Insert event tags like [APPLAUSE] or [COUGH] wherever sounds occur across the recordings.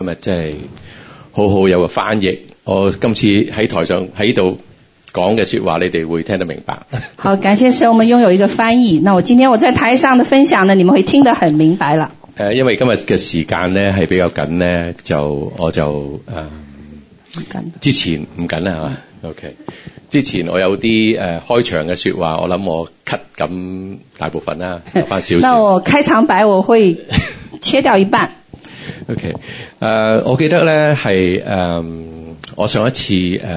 今日真係好好有個翻譯。我今次喺台上喺度講嘅説話，你哋會聽得明白。好，感謝使我們擁有一個翻譯。那我今天我在台上的分享呢，你們會聽得很明白了。誒，因為今日嘅時間呢，係比較緊呢，就我就誒，唔、啊、緊。著之前唔緊啦，嚇、嗯啊。OK，之前我有啲誒、呃、開場嘅説話，我諗我 cut 咁大部分啦，翻少少。 [LAUGHS] 那我開場白，我會切掉一半。 [LAUGHS] OK，誒、呃，我記得咧係誒，我上一次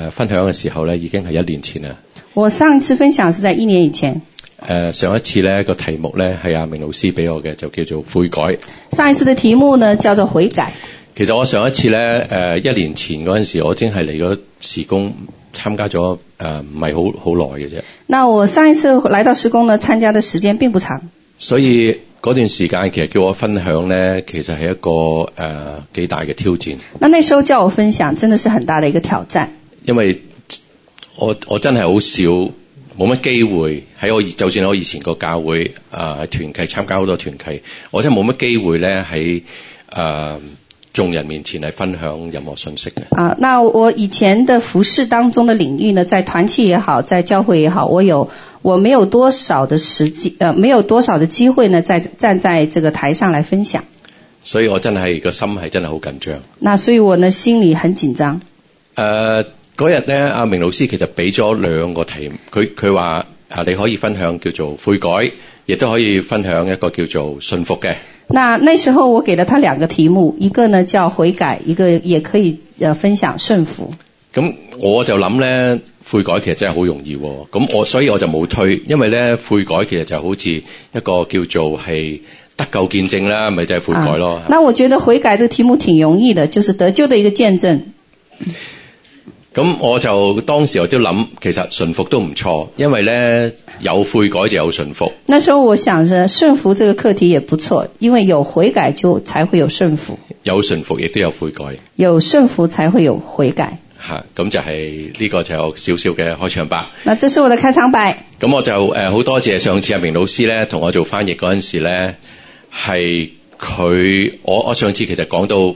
分享嘅時候咧，已經係一年前啦。我上一次分享是在一年以前。誒、呃，上一次咧個題目咧係阿明老師俾我嘅，就叫做悔改。上一次的題目呢，叫做悔改。其實我上一次咧誒、呃、一年前嗰陣時候，我已經係嚟咗時工，參加咗誒，唔係好好耐嘅啫。那我上一次來到時工呢，參加的時間並不長。所以。嗰段時間其實叫我分享呢，其實係一個誒幾、呃、大嘅挑戰。那那時候叫我分享，真的是很大的一個挑戰。因為我我真係好少冇乜機會喺我，就算我以前個教會啊、呃、團契參加好多團契，我真係冇乜機會咧喺誒眾人面前係分享任何信息嘅。啊，那我以前的服侍當中的領域呢，在團契也好，在教會也好，我有。我沒有多少的時機，呃，沒有多少的機會呢，在站在這個台上來分享。所以我真係個心係真係好緊張。那所以我呢心裏很緊張。呃，嗰日呢，阿明老師其實畀咗兩個題目，佢佢話啊，你可以分享叫做悔改，亦都可以分享一個叫做順服嘅。那那時候我給了他兩個題目，一個呢叫悔改，一個也可以分享順服。咁我就諗呢。悔改其實真係好容易，咁我所以我就冇推，因為咧悔改其實就好似一個叫做係得救見證啦，咪就係悔改咯，啊。那我覺得悔改這個題目挺容易的，就是得救的一個見證。咁我就當時我都諗，其實順服都唔錯，因為咧有悔改就有順服。那時候我想着順服這個課題也不錯，因為有悔改就才會有順服。有順服亦都有悔改。有順服才會有悔改。吓，咁、啊、就係、是、呢、這個就我少少嘅開場白。嗱，這是我的開場白。咁我就誒好多謝上次阿明老師咧，同我做翻譯嗰陣時咧，係佢我我上次其實講到嗰，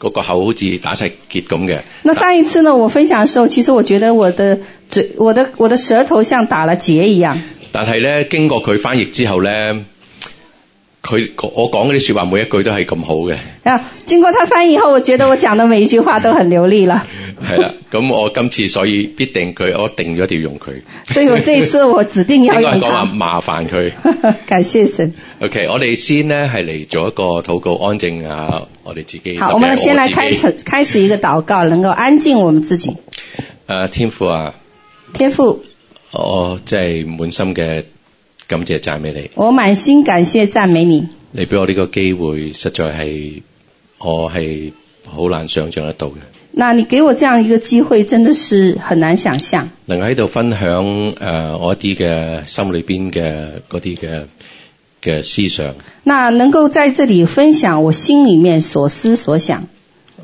那個口好似打晒結咁嘅。那上一次呢，但我分享嘅時候，其實我覺得我的嘴、我的我的舌頭像打了結一樣。但係咧，經過佢翻譯之後咧。佢我講嗰啲說話每一句都係咁好嘅。啊，經過他翻譯以後，我覺得我講嘅每一句話都很流利啦。係啦， [LAUGHS] 咁我今次所以必定佢，我定咗一定要用佢。所以我這次我指定要用。 [LAUGHS] 唔該，我話麻煩佢。感謝神。OK，我哋先呢係嚟做一個禱告安靜啊，我哋自己。好，我，我們先來開始開始一個禱告，能夠安靜我們自己。誒、呃，天父啊。天父。我真係滿心嘅。感謝讚美你，我滿心感謝讚美你。你俾我呢個機會，實在係我係好難想象得到嘅。那你給我這樣一個機會，真的是很難想象。能夠喺度分享誒、呃，我一啲嘅心裏邊嘅嗰啲嘅嘅思想。那能夠在這裏分享我心裏面所思所想，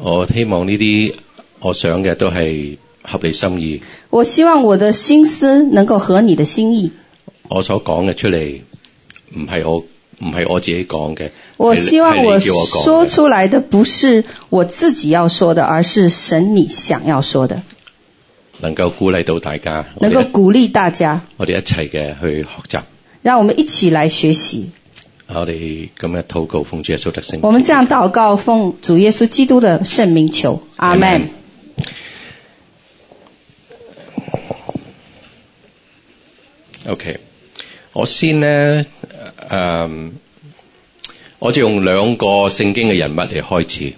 我希望呢啲我想嘅都係合你心意。我希望我的心思能夠合你的心意。我所講嘅出嚟，唔係我，唔係我自己講嘅。我希望我說出來的不是我自己要說的，而是神你想要說的。能夠鼓勵到大家。能夠鼓勵大家。我哋一齊嘅去學習。讓我們一起來學習。我哋咁樣禱告奉主耶穌的聖名。我們這樣禱告奉主耶穌基督的聖名求，阿門。Okay。我先呢，誒、嗯，我就用兩個聖經嘅人物嚟開始。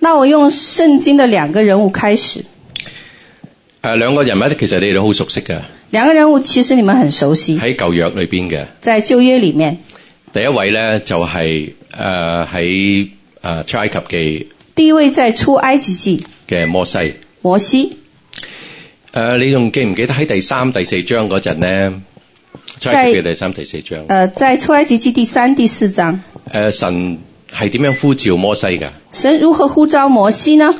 那我用聖經的兩個人物開始。誒，兩個人物其實你哋都好熟悉嘅。兩個人物其實你們很熟悉。喺舊約裏邊嘅。在舊約裏面。第一位呢就係誒喺誒出埃及記。第一位在出埃及記嘅摩西。摩西。誒，你仲記唔記得喺第三、第四章嗰陣呢？在，在埃及第三、第四章。誒，在出埃及記第三、第四章。誒，神係點樣呼召摩西噶？神如何呼召摩西呢？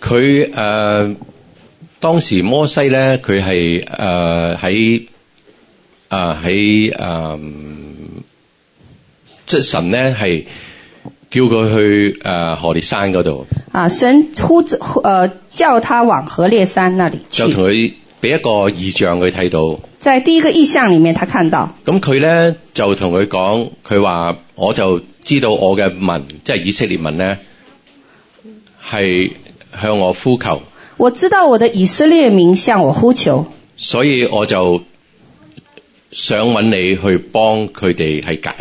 佢誒、呃，當時摩西咧，佢係誒喺誒喺誒，即係神咧係叫佢去誒何烈山嗰度。啊，神呼誒叫他往何、呃、烈山那裡、呃俾一個異象佢睇到，在第一個異象裏面，他看到咁佢咧就同佢講，佢話我就知道我嘅民，即係以色列民咧，係向我呼求。我知道我的以色列民向我呼求，所以我就想揾你去幫佢哋，係解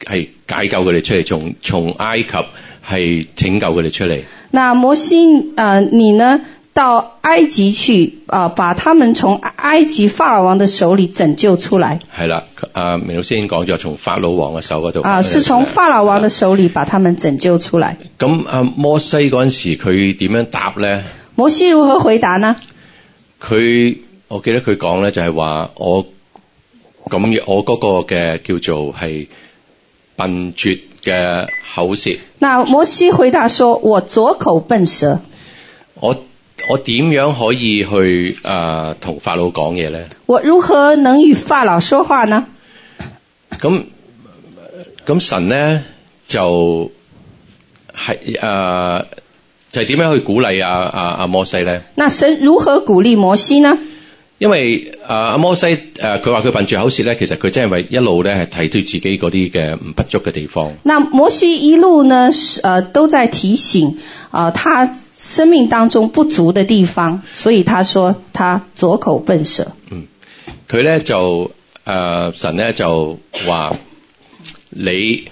係係解救佢哋出嚟，從從埃及係拯救佢哋出嚟。那摩西啊、呃，你呢？到埃及去啊，把他們從埃及法老王嘅手裏拯救出來。係啦，阿明老師已經講咗，從法老王嘅手嗰度啊，是從法老王嘅手裏把他們拯救出來。咁啊，摩西嗰陣時，佢點樣答咧？摩西如何回答呢？佢，我記得佢講咧，就係話我咁，我嗰個嘅叫做係笨拙嘅口舌。嗱，摩西回答說，我左口笨舌，我。我點樣可以去誒同、呃、法老講嘢咧？我如何能與法老說話呢？咁咁、嗯嗯嗯、神咧就係誒、呃、就係點樣去鼓勵阿阿阿摩西咧？那神如何鼓勵摩西呢？因為誒阿、呃、摩西誒佢話佢笨住口舌咧，其實佢真係為一路咧係睇到自己嗰啲嘅唔不足嘅地方。那摩西一路呢誒、呃、都在提醒啊、呃、他。生命當中不足的地方，所以他說他左口笨舌。嗯，佢咧就誒、呃，神咧就話你，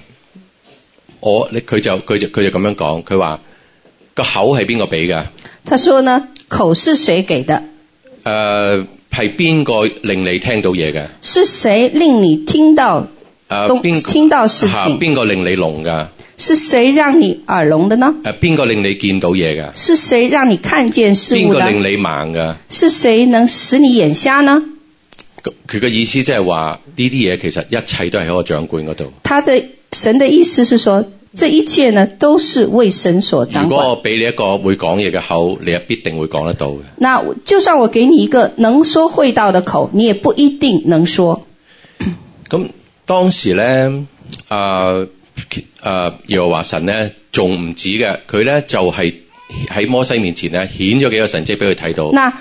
我，你佢就佢就佢就咁樣講，佢話個口係邊個俾噶？他說呢，口是誰給的？誒，係邊個令你聽到嘢嘅？是誰令你聽到？啊、聽到事情？邊個令你聾噶？是誰讓你耳聾的呢？誒、啊，邊個令你見到嘢噶？是誰讓你看見事物的？邊個令你盲噶？是誰能使你眼瞎呢？佢嘅意思即係話呢啲嘢其實一切都係喺我掌管嗰度。他的神的意思是說，這一切呢都是為神所掌。如果我俾你一個會講嘢嘅口，你又必定會講得到嘅。那就算我給你一個能說會道嘅口，你也不一定能說。咁。 [COUGHS] 當時咧，誒、呃、誒、呃，耶和華神咧，仲唔止嘅佢咧，就係喺摩西面前咧，顯咗幾個神蹟俾佢睇到。那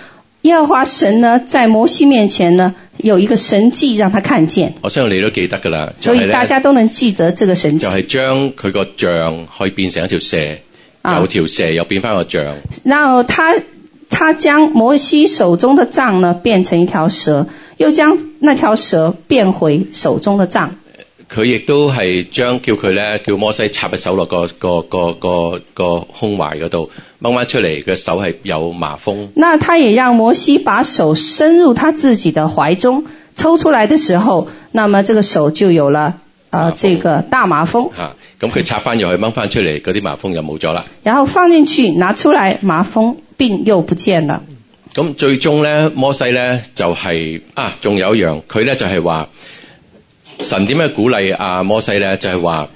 耶和華神呢，在摩西面前呢，有一個神蹟讓他看見。我相信你都記得噶啦，就是、所以大家都能記得這個神蹟。就係將佢個像可以變成一條蛇，啊、有條蛇又變翻個像。然後他。他將摩西手中的杖呢變成一條蛇，又將那條蛇變回手中的杖。佢亦都係將叫佢呢，叫摩西插在手落個個個個個胸懷嗰度掹翻出嚟，個手係有麻風。那他也讓摩西把手伸入他自己的懷中，抽出來的時候，那麼這個手就有了啊、呃、麻風這個大麻風。啊，咁佢插翻入去掹翻出嚟，嗰啲麻風就冇咗啦。然後放進去，拿出來麻風。又不見了。咁最終呢，摩西呢就係、是、啊，仲有一樣，佢呢就係、是、話神點樣鼓勵啊摩西呢？就係、是、話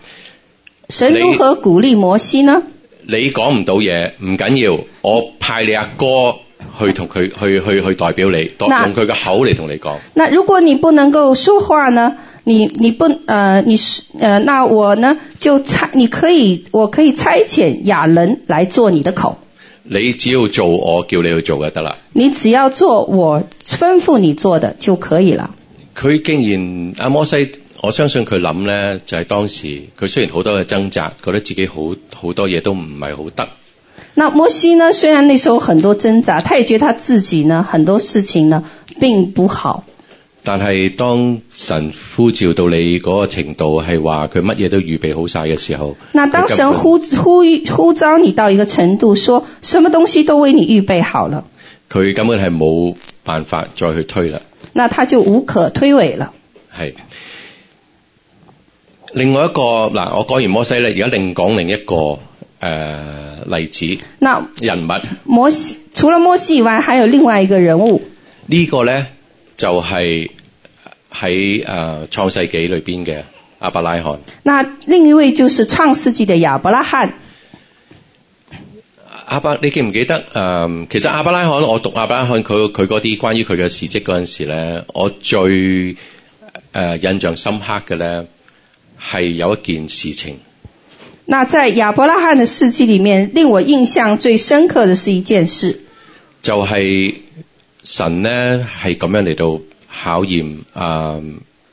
神如何你鼓勵摩西呢？你講唔到嘢，唔緊要，我派你阿哥去同佢去去去代表你，那用佢個口嚟，同你講。那如果你不能夠說話呢？你你不誒、呃，你誒、呃，那我呢就差，你可以我可以差遣亞倫來做你的口。你只要做我叫你去做就得啦。你只要做我吩咐你做的就可以了。佢竟然阿摩西，我相信佢諗咧就係、是、當時佢雖然好多嘅掙扎，覺得自己好好多嘢都唔係好得。那摩西呢，雖然那時候很多掙扎，他也覺得他自己呢很多事情呢並不好。但係當神呼召到你嗰個程度，係話佢乜嘢都預備好晒嘅時候，那當神呼呼呼召你到一個程度，說什麼東西都為你預備好了，佢根本係冇辦法再去推喇，那他就無可推諉了。係另外一個嗱，我講完摩西呢，而家另講另一個誒、呃、例子，嗱，那人物摩西，除了摩西以外，還有另外一個人物呢個呢，就係、是。喺誒創世紀裏邊嘅阿伯拉罕。那另一位就是創世紀嘅亞伯拉罕。阿伯，你記唔記得誒、嗯？其實阿伯拉罕，我讀阿伯拉罕佢佢嗰啲關於佢嘅事迹嗰陣時咧，我最誒、呃、印象深刻嘅咧係有一件事情。那在亞伯拉罕嘅事迹裏面，令我印象最深刻嘅是一件事，就係神咧係咁樣嚟到。考驗阿、呃、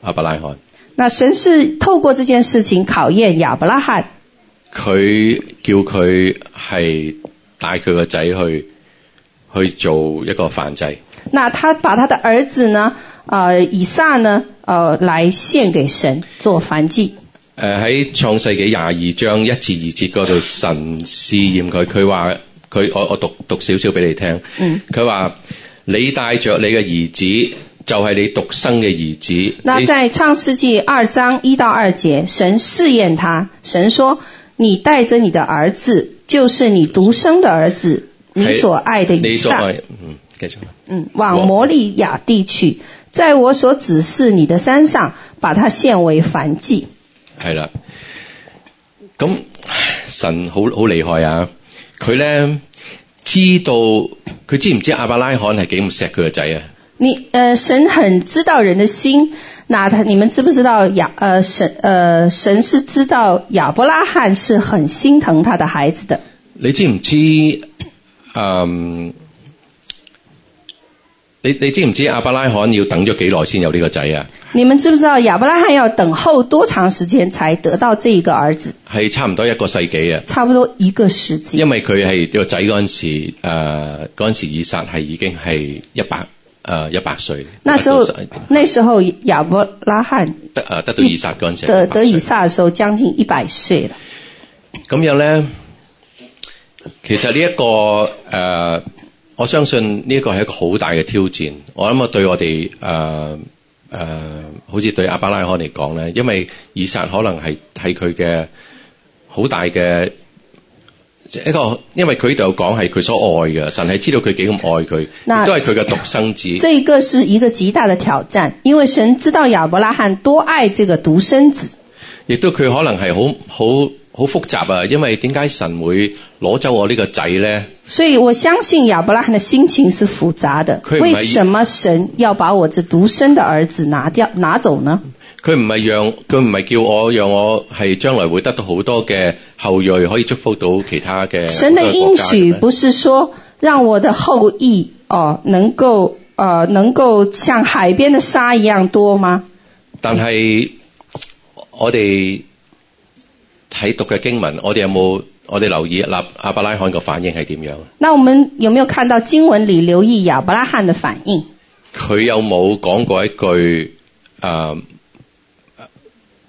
阿伯拉罕。那神是透過這件事情考驗亞伯拉罕。佢叫佢係帶佢個仔去去做一個燔祭。那他把他的兒子呢？誒、呃，以撒呢？誒、呃，來獻給神做燔祭。誒、呃，喺創世紀廿二章一至二節嗰度，神試驗佢。佢話佢我我讀讀少少俾你聽。嗯。佢話你帶着你嘅兒子。就係你獨生嘅兒子。那在創世紀二章一到二節，神試驗他，神說：你帶着你的兒子，就是你獨生的兒子，你所愛的以撒。你所愛，嗯，繼續。嗯，往摩利亞地去，在我所指示你的山上，把他獻為燔祭。係啦，咁神好好厲害啊！佢咧知道佢知唔知阿伯拉罕係幾唔錫佢個仔啊？你，呃，神很知道人的心。那，你們知不知道亞、呃，神，呃神是知道亞伯拉罕是很心疼他的孩子的。你知唔知，嗯，你你知唔知亞伯拉罕要等咗幾耐先有呢個仔啊？你們知不知道亞伯拉罕要等候多長時間才得到這一個兒子？係差唔多一個世紀啊。差唔多一個世紀。因為佢係、呢個仔嗰陣時，誒、呃，嗰陣時以撒，係已經係一百。誒，一百歲。那時候，到那時候亞伯拉罕得誒得到以撒嗰陣得得以撒嘅時候將近一百歲啦。咁樣咧，其實呢、這、一個誒、呃，我相信呢一個係一個好大嘅挑戰。我諗啊，對我哋誒誒，好似對亞伯拉罕嚟講咧，因為以撒可能係係佢嘅好大嘅。一個，因為佢就講係佢所愛嘅神，係知道佢幾咁愛佢，都係佢嘅獨生子。這個是一個極大的挑戰，因為神知道亞伯拉罕多愛這個獨生子，亦都佢可能係好好好複雜啊！因為點解神會攞走我呢個仔呢？所以我相信亞伯拉罕嘅心情是複雜的。為什麼神要把我這獨生嘅兒子拿掉拿走呢？佢唔係讓佢唔係叫我讓我係將來會得到好多嘅後裔，可以祝福到其他嘅國家。神的應許不是說讓我的後裔哦，能夠誒，能夠像海邊的沙一樣多嗎？但係我哋睇讀嘅經文，我哋有冇我哋留意立阿伯拉罕個反應係點樣？那我們有沒有看到經文裏留意亞伯拉罕嘅反應？佢有冇講過一句誒？呃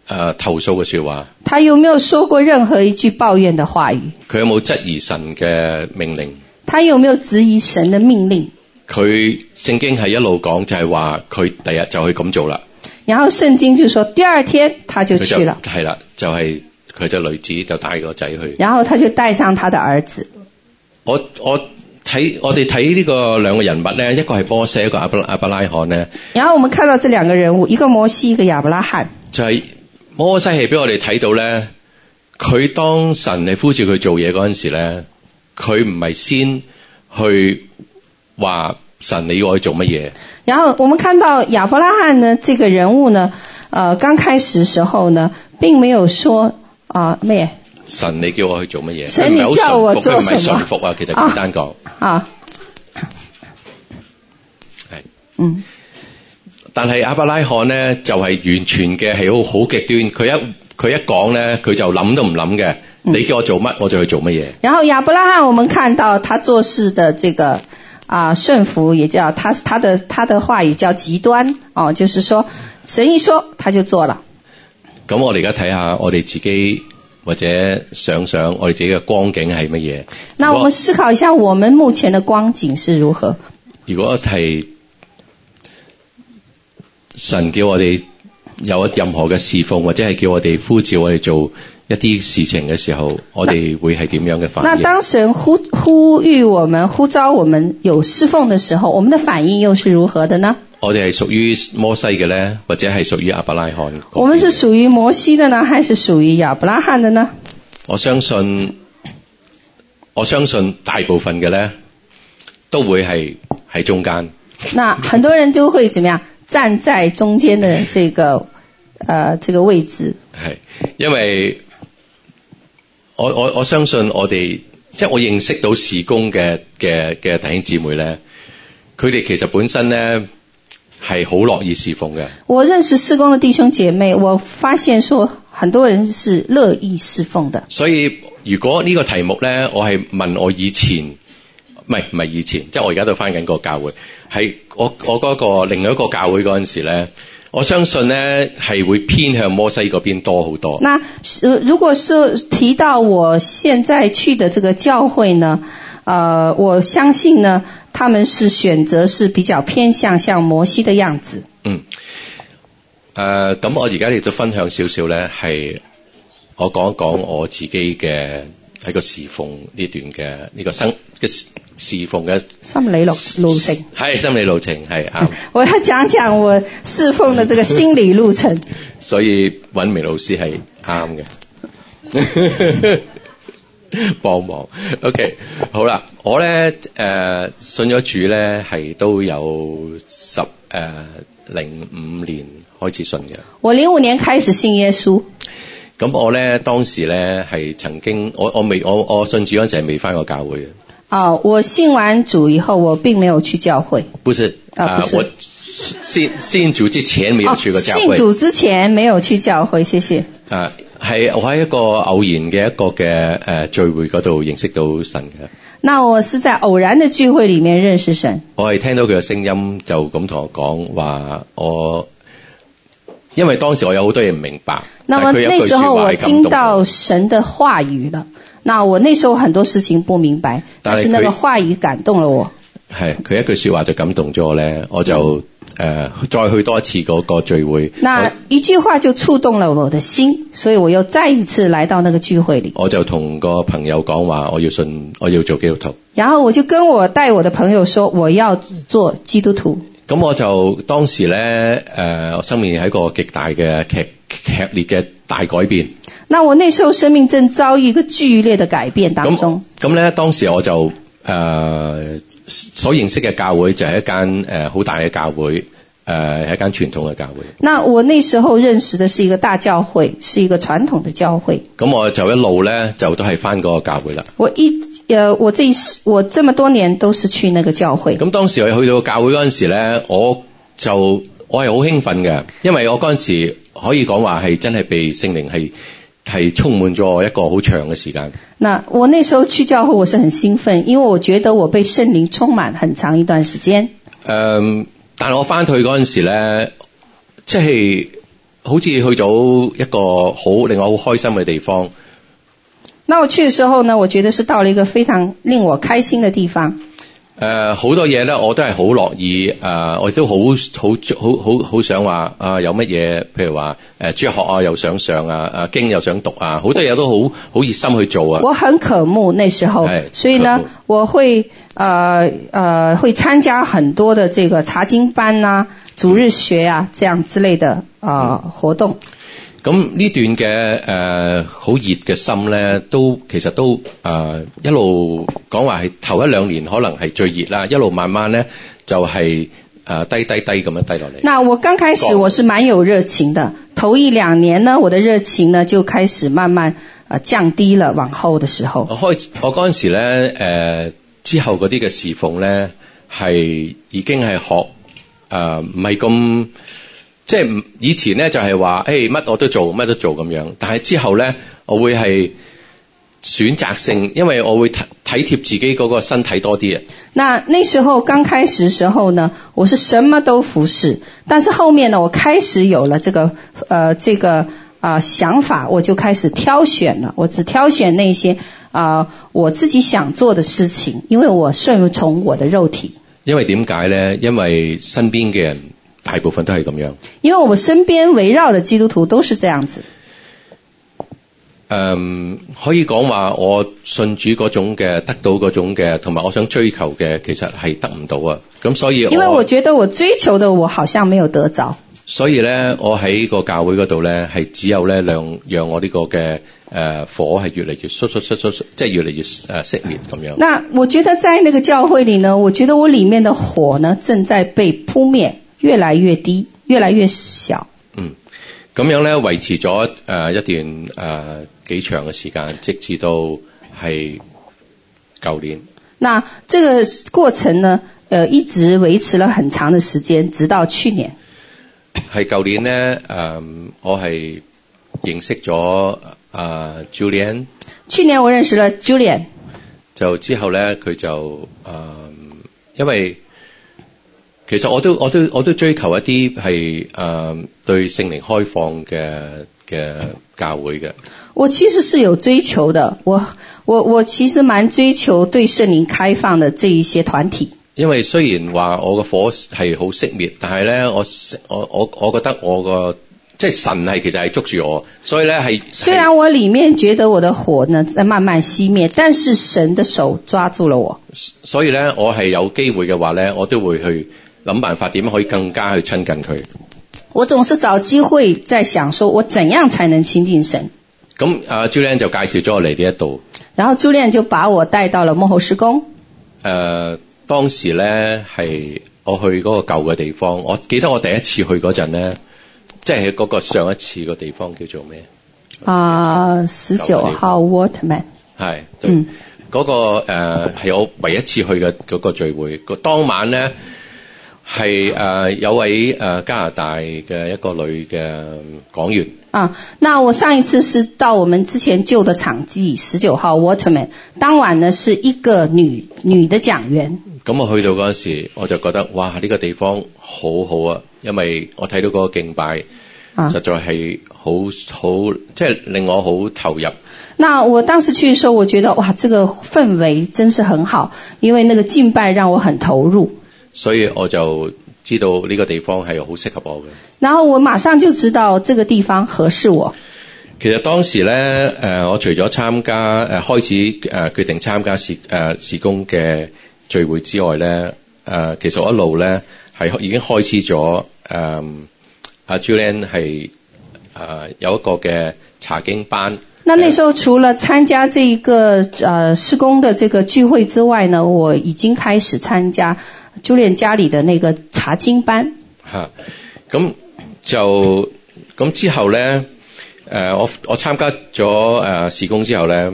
誒、啊，投訴嘅說話，話。他有沒有說過任何一句抱怨嘅話語？佢有冇質疑神嘅命令？他有沒有質疑神嘅命令？佢聖經係一路講就係話佢第日就可以咁做啦。然後聖經就說第二天他就去了。係啦，就係佢只女子就帶個仔去。然後他就帶上他的兒子。我我睇我哋睇呢個兩個人物咧，一個係波西，一個亞伯亞伯拉罕咧。然後我們看到這兩個人物，一個摩西，一個亞伯拉罕。就係。摩西係俾我哋睇到咧，佢當神嚟呼召佢做嘢嗰陣時咧，佢唔係先去話神你要我去做乜嘢。然後我們看到亞伯拉罕呢這個人物呢，呃，剛開始時候呢，並沒有說啊咩，乜嘢神你叫我去做乜嘢，神你叫我做係順，順服啊，啊其實簡單講，啊，哎，嗯。但係亞伯拉罕咧就係、是、完全嘅係好好極端，佢一佢一講咧佢就諗都唔諗嘅，你叫我做乜我就去做乜嘢、嗯。然後亞伯拉罕，我們看到他做事的這個啊順服，也叫他他的他的話語叫極端哦，就是說神一說他就做了。咁我哋而家睇下我哋自己或者想想我哋自己嘅光景係乜嘢？那我們思考一下，我們目前的光景是如何？如果係。神叫我哋有任何嘅侍奉，或者係叫我哋呼召我哋做一啲事情嘅時候，那我哋會係點樣嘅反應？那當神呼呼籲我們、呼召我們有侍奉嘅時候，我們的反應又是如何的呢？我哋係屬於摩西嘅咧，或者係屬於亞伯拉罕？我們是屬於摩西的呢，還是屬於亞伯拉罕的呢？我相信，我相信大部分嘅咧，都會係喺中間。那很多人都會怎麼樣？ [LAUGHS] 站在中間的這個，呃，這個位置係，因為我我我相信我哋，即係我認識到事工嘅嘅嘅弟兄姊妹咧，佢哋其實本身咧係好樂意侍奉嘅。我認識事工的弟兄姐妹，我發現說很多人是樂意侍奉的。所以如果呢個題目咧，我係問我以前，唔係唔係以前，即係我而家都翻緊個教會。係我我、嗰個另外一個教會嗰陣時咧，我相信咧係會偏向摩西嗰邊多好多那。那如果是提到我現在去的這個教會呢，啊、呃，我相信呢他們是選擇是比較偏向像摩西的樣子。嗯。誒、呃，咁我而家亦都分享少少咧，係我講一講我自己嘅。喺個侍奉呢段嘅呢、這個生嘅侍奉嘅心理路路程，係心理路程係啱。是對我要講講我侍奉的這個心理路程。 [LAUGHS] 所以揾明老師係啱嘅，幫 [LAUGHS] 忙。OK，好啦，我咧誒、呃、信咗主咧係都有十誒零五年開始信嘅。我零五年開始信耶穌。咁我咧當時咧係曾經，我我未我我信主嗰陣係未翻過教會嘅。哦，我信完主以後，我並沒有去教會。不是，啊、哦，我信信主之前沒有去過教會，哦。信主之前沒有去教會，謝謝。啊，係我喺一個偶然嘅一個嘅誒聚會嗰度認識到神嘅。那我是在偶然嘅聚會裡面認識神。我係聽到佢嘅聲音就咁同我講話，我。因為當時我有好多嘢唔明白，那麼，那時候我聽到神的話語了，那我那時候很多事情不明白，但是，但是那個話語感動了我。係，佢一句説話就感動咗我，我就，呃，再去多一次嗰個聚會。那一句話就觸動了我的心，我，所以我又再一次來到那個聚會裡。我就同個朋友講話，我要信，我要做基督徒。然後我就跟我帶我的朋友說，我要做基督徒。咁我就當時咧，我、呃、生命喺一個極大嘅，劇劇烈嘅大改變。那我那時候生命正遭遇一個劇烈的改變當中。咁咧當時我就誒、呃、所認識嘅教會就係一間誒好、呃、大嘅教會，誒、呃、係一間傳統嘅教會。那我那時候認識嘅是一個大教會，是一個傳統嘅教會。咁我就一路咧就都係返嗰個教會啦。我一呃、我這我這麼多年都是去那個教會。咁當時我去到教會嗰陣時咧，我就我係好興奮嘅，因為我嗰陣時可以講話係真係被聖靈係係充滿咗一個好長嘅時間。嗱，我那時候去教會，我是很興奮，因為我覺得我被聖靈充滿很長一段時間。呃、但我翻去嗰陣時咧，即係好似去到一個好令我好開心嘅地方。那我去的時候呢，我覺得是到了一個非常令我開心的地方。呃、好多嘢呢，我都係好樂意呃我都好好好好好想話啊、呃，有乜嘢，譬如話誒，呃、哲學啊又想上啊，啊經又想讀啊，好多嘢都好好熱心去做啊。我很渴慕那時候，是所以呢，慕我會呃呃會參加很多的這個查經班呐、啊、主日學啊、嗯、這樣之類的啊、呃、活動。咁、呃、呢段嘅誒好熱嘅心咧，都其實都誒、呃、一路講話係頭一兩年可能係最熱啦，一路慢慢咧就係、是、誒、呃、低低低咁樣低落嚟。嗱，我剛開始我是蠻有熱情嘅，說頭一兩年呢，我嘅熱情呢就開始慢慢啊降低了，往後嘅時候。我開我嗰陣時咧誒、呃、之後嗰啲嘅侍奉咧係已經係學誒唔係咁。呃，不是那麼即係唔以前咧就係話誒乜我都做乜都做咁樣，但係之後咧我會係選擇性，因為我會體體貼自己嗰個身體多啲啊。那那時候剛開始時候呢，我是什麼都服侍，但是後面呢，我開始有了這個呃這個啊想法，我就開始挑選了，我只挑選那些啊我自己想做的事情，因為我順從我的肉體。因為點解咧？因為身邊嘅人。大部分都係咁樣，因為我身邊圍繞的基督徒都是這樣子。嗯、呃，可以講話我信主嗰種嘅得到嗰種嘅，同埋我想追求嘅，其實係得唔到啊。咁所以因為我覺得我追求的我好像沒有得着，所以呢我喺個教會嗰度呢係只有呢讓讓我呢個嘅誒火係越嚟越縮縮縮縮，即係越嚟越誒熄滅咁樣。呃、熟熟那我覺得在那個教會裏呢，我覺得我裏面的火呢正在被撲滅。越來越低，越來越小。嗯，咁樣咧維持咗誒、呃、一段誒、呃、幾長嘅時間，直至到係舊年。嗱這個過程呢，誒、呃、一直維持了很長的時間，直到去年。係舊年咧，誒、呃、我係認識咗誒 Julian。呃、Julian，去年我認識了 Julian。Jul 就之後咧，佢就誒、呃、因為。其實我都我都我都追求一啲係誒對聖靈開放嘅嘅教會嘅。我其實是有追求的，我我我其實蠻追求對聖靈開放的這一些團體。因為雖然話我嘅火係好熄滅，但係咧我我我我覺得我個即係神係其實係捉住我，所以咧係雖然我裏面覺得我的火呢在慢慢熄滅，但是神的手抓住了我。所以咧，我係有機會嘅話咧，我都會去。諗辦法點可以更加去親近佢。我總是找機會在想，說我怎樣才能親近神？咁阿 Julian 就介紹咗我嚟呢一度，然後 Julian 就把我帶到了幕後施工。誒、呃，當時呢係我去嗰個舊嘅地方，我記得我第一次去嗰陣呢，即係嗰個上一次個地方叫做咩啊？十、那個、號九號 Waterman 係嗰個誒係我唯一一次去嘅嗰個聚會，當當晚呢。係誒，有位誒加拿大嘅一個女嘅講員。啊，那我上一次是到我們之前舊嘅場地十九號 Waterman，當晚呢是一個女女嘅講員。咁、嗯、我去到嗰時，我就覺得哇，呢、這個地方好好啊，因為我睇到嗰個敬拜，實在係好好，即係令我好投入、啊。那我當時去嘅時候，我覺得哇，這個氛圍真是很好，因為那個敬拜讓我很投入。所以我就知道呢個地方係好適合我嘅。然後我馬上就知道這個地方合適我。其實當時咧、呃，我除咗參加、呃、開始、呃、決定參加事、呃、事工嘅聚會之外咧、呃，其實我一路咧已經開始咗阿 Julian 係有一個嘅查經班。呃、那那時候除了參加這一個誒、呃、事工的這個聚會之外呢，我已經開始參加。就練家裏的那個查經班。吓、啊，咁就咁之後咧，誒、呃、我我參加咗誒事工之後咧，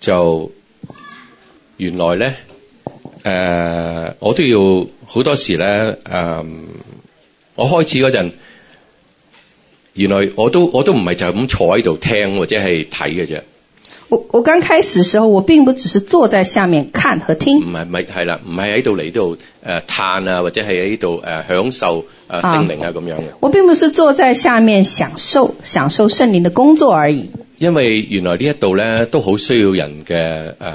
就原來咧誒、呃、我都要好多時咧誒、呃、我開始嗰陣原來我都我都唔係就係咁坐喺度聽或者係睇嘅啫。我我剛開始的時候，我並不只是坐在下面看和聽。唔係唔係係啦，唔係喺度嚟度誒嘆啊，或者係喺度誒享受誒聖靈啊咁樣嘅。我並不是坐在下面享受享受聖靈的工作而已。因為原來這裏呢一度咧都好需要人嘅誒、呃，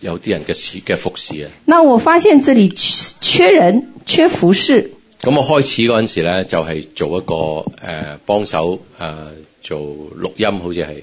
有啲人嘅事嘅服侍啊。那我發現這裏缺人，缺服侍。咁我開始嗰陣時咧，就係、是、做一個誒、呃、幫手誒、呃、做錄音好像是，好似係。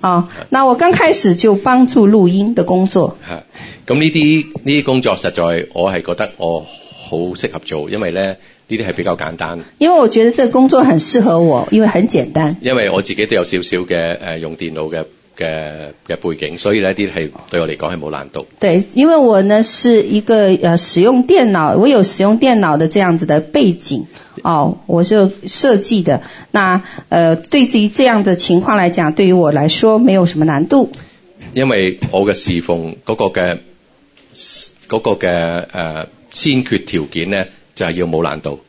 啊、哦！那我剛開始就幫助錄音的工作。吓，咁呢啲呢啲工作實在我係覺得我好適合做，因為咧呢啲係比較簡單。因為我覺得這個工作很適合我，因為很簡單。因為我自己都有少少嘅誒，用電腦嘅。嘅嘅背景，所以呢啲係對我嚟講係冇難度。對，因為我呢是一個呃使用電腦，我有使用電腦的這樣子的背景，哦，我是設計的。那呃，對於這樣的情況來講，對於我來說沒有什麼難度。因為我嘅侍奉嗰個嘅嗰個嘅誒、呃，先決條件呢就係要冇難度。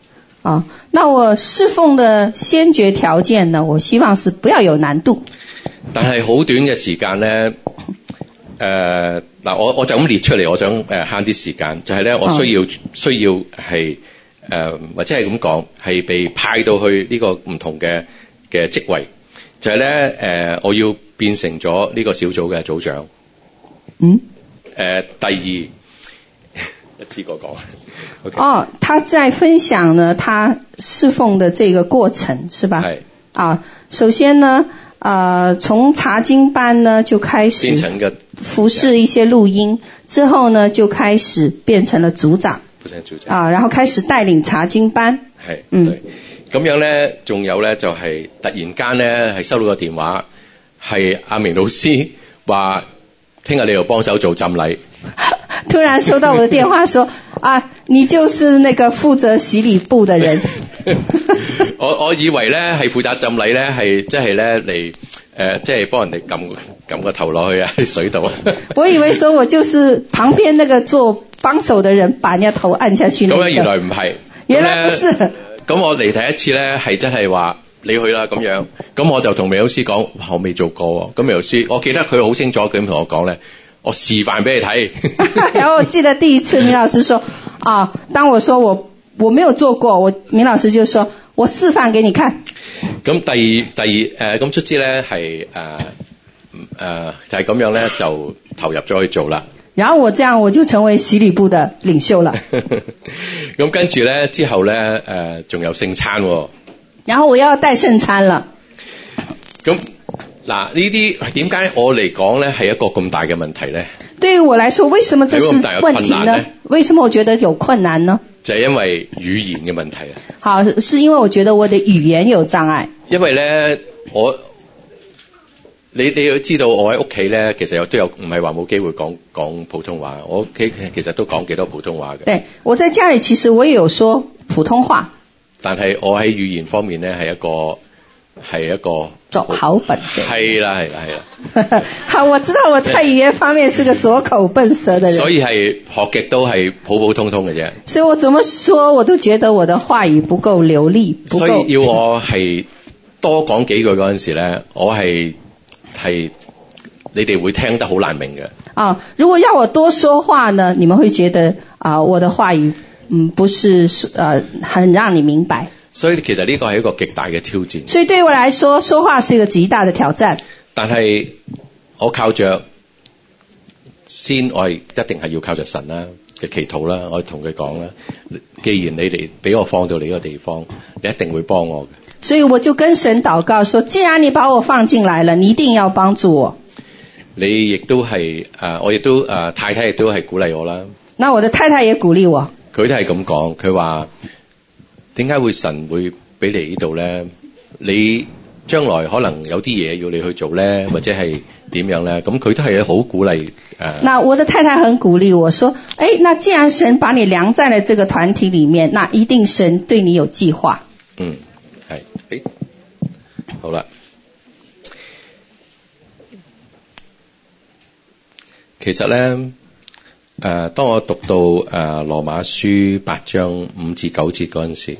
哦，那我侍奉的先決條件呢？我希望是不要有難度。但係好短嘅時間咧，誒、呃、嗱，我我就咁列出嚟，我想誒慳啲時間，就係咧，我需要、哦、需要係誒、呃，或者係咁講，係被派到去呢個唔同嘅嘅職位，就係咧誒，我要變成咗呢個小組嘅組長。嗯。誒、呃，第二，一次過講。Okay. 哦，他在分享呢，他侍奉的這個過程是吧？是啊，首先呢。啊，從、呃、查經班呢就開始服侍一些錄音，之後呢就開始變成了組長，組長啊，然後開始帶領查經班。係，對嗯，咁樣咧，仲有咧就係、是、突然間咧係收到個電話，係阿明老師話，聽日你又幫手做浸禮。 [LAUGHS] 突然收到我的電話，說。 [LAUGHS] 啊！你就是那個負責洗禮部的人。 [LAUGHS] 我我以為咧係負責浸禮咧係即係咧嚟，誒，即係幫人哋撳撳個頭落去啊，喺水度啊。 [LAUGHS] 我以為說我就是旁邊那個做幫手的人，把人家頭按下去、那個。咁樣原來唔係，原來唔係。咁那我嚟第一次咧，係真係話你去啦咁樣。咁我就同美老師講，我未做過、哦。咁美老師，我記得佢好清楚咁同我講咧。我示範俾你睇。 [LAUGHS] 然後我記得第一次，明老師說：啊，當我說我，我沒有做過，我明老師就說：我示範給你看。咁第二第二誒咁、呃、出資咧係就係、是、咁樣咧就投入咗去做啦。然後我這樣我就成為洗禮部的領袖了。咁跟住咧之後咧誒仲有聖餐、哦。然後我要帶聖餐了。咁。嗱，呢啲點解我嚟講咧係一個咁大嘅問題咧？對於我嚟說，為什麼這是問題呢？為什麼我覺得有困難呢？就係因為語言嘅問題啊！好，是因為我覺得我的語言有障礙，因為咧，我你你要知道，我喺屋企咧，其實有都有唔係話冇機會講講普通話，我屋企其實都講幾多普通話嘅。對，我在家裏其實我也有說普通話，但係我喺語言方面咧係一個係一個。是一個左好笨係啦係啦係啦。好， [LAUGHS] 我知道我在語言方面是個左口笨舌的人。所以係學極都係普普通通嘅啫。所以我怎麼說，我都覺得我的話語不夠流利，不夠，所以要我係多講幾句嗰陣時咧，我係係你哋會聽得好難明嘅。啊，如果要我多說話呢，你們會覺得啊、呃，我的話語嗯不是呃很讓你明白。所以其實呢個係一個極大嘅挑戰。所以對我來說，說話是一個極大的挑戰。但係我靠着先，我一定係要靠着神啦，嘅祈禱啦，我同佢講啦。既然你哋俾我放到你個地方，你一定會幫我。所以我就跟神禱告，說：既然你把我放進來了，你一定要幫助我。你亦都係誒，我亦都誒，太太亦都係鼓勵我啦。那我的太太也鼓勵我。佢都係咁講，佢話。點解會神會俾你這裏呢度咧？你將來可能有啲嘢要你去做咧，或者係點樣咧？咁佢都係好鼓勵。誒、呃，那我的太太很鼓勵我說：，誒、哎，那既然神把你量在了這個團體裏面，那一定神對你有計劃。嗯，係，誒、哎，好啦。其實咧，誒、呃，當我讀到誒、呃、羅馬書八章五至九節嗰陣時候。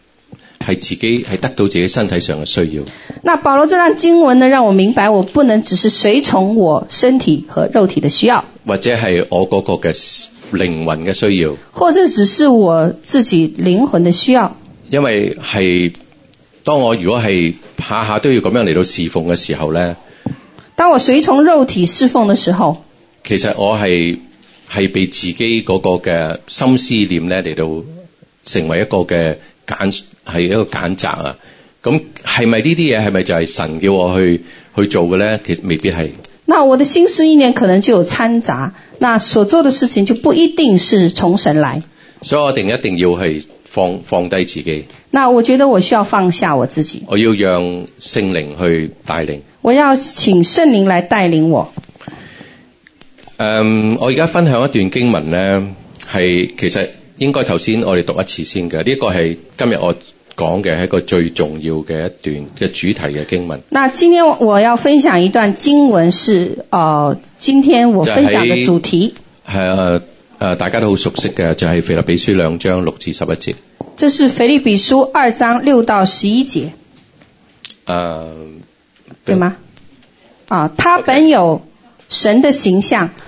係自己係得到自己身體上嘅需要。那保羅這段經文呢，讓我明白我不能只是隨從我身體和肉體的需要，或者係我嗰個嘅靈魂嘅需要，或者只是我自己靈魂的需要。因為係當我如果係下下都要咁樣嚟到侍奉嘅時候咧，當我隨從肉體侍奉嘅時候，其實我係係被自己嗰個嘅心思念咧嚟到成為一個嘅。揀係一個揀擇啊，咁係咪呢啲嘢，係咪就係神叫我去去做嘅呢？其實未必係。那我的心思意念可能就有摻雜，那所做的事情就不一定是從神來。所以我定一定要係放放低自己。那我覺得我需要放下我自己。我要讓聖靈去帶領。我要請聖靈來帶領我。嗯，我而家分享一段經文呢，係其實。應該頭先我哋讀一次先嘅，呢、這個係今日我講嘅係一個最重要嘅一段嘅主題嘅經文。那今天我要分享一段經文是，呃，今天我分享嘅主題係啊，誒、啊，大家都好熟悉嘅，就係腓立比書兩章六至十一節。這是腓立比書二章六到十一節。啊、呃，對，對嗎？啊，他本有神的形象。Okay.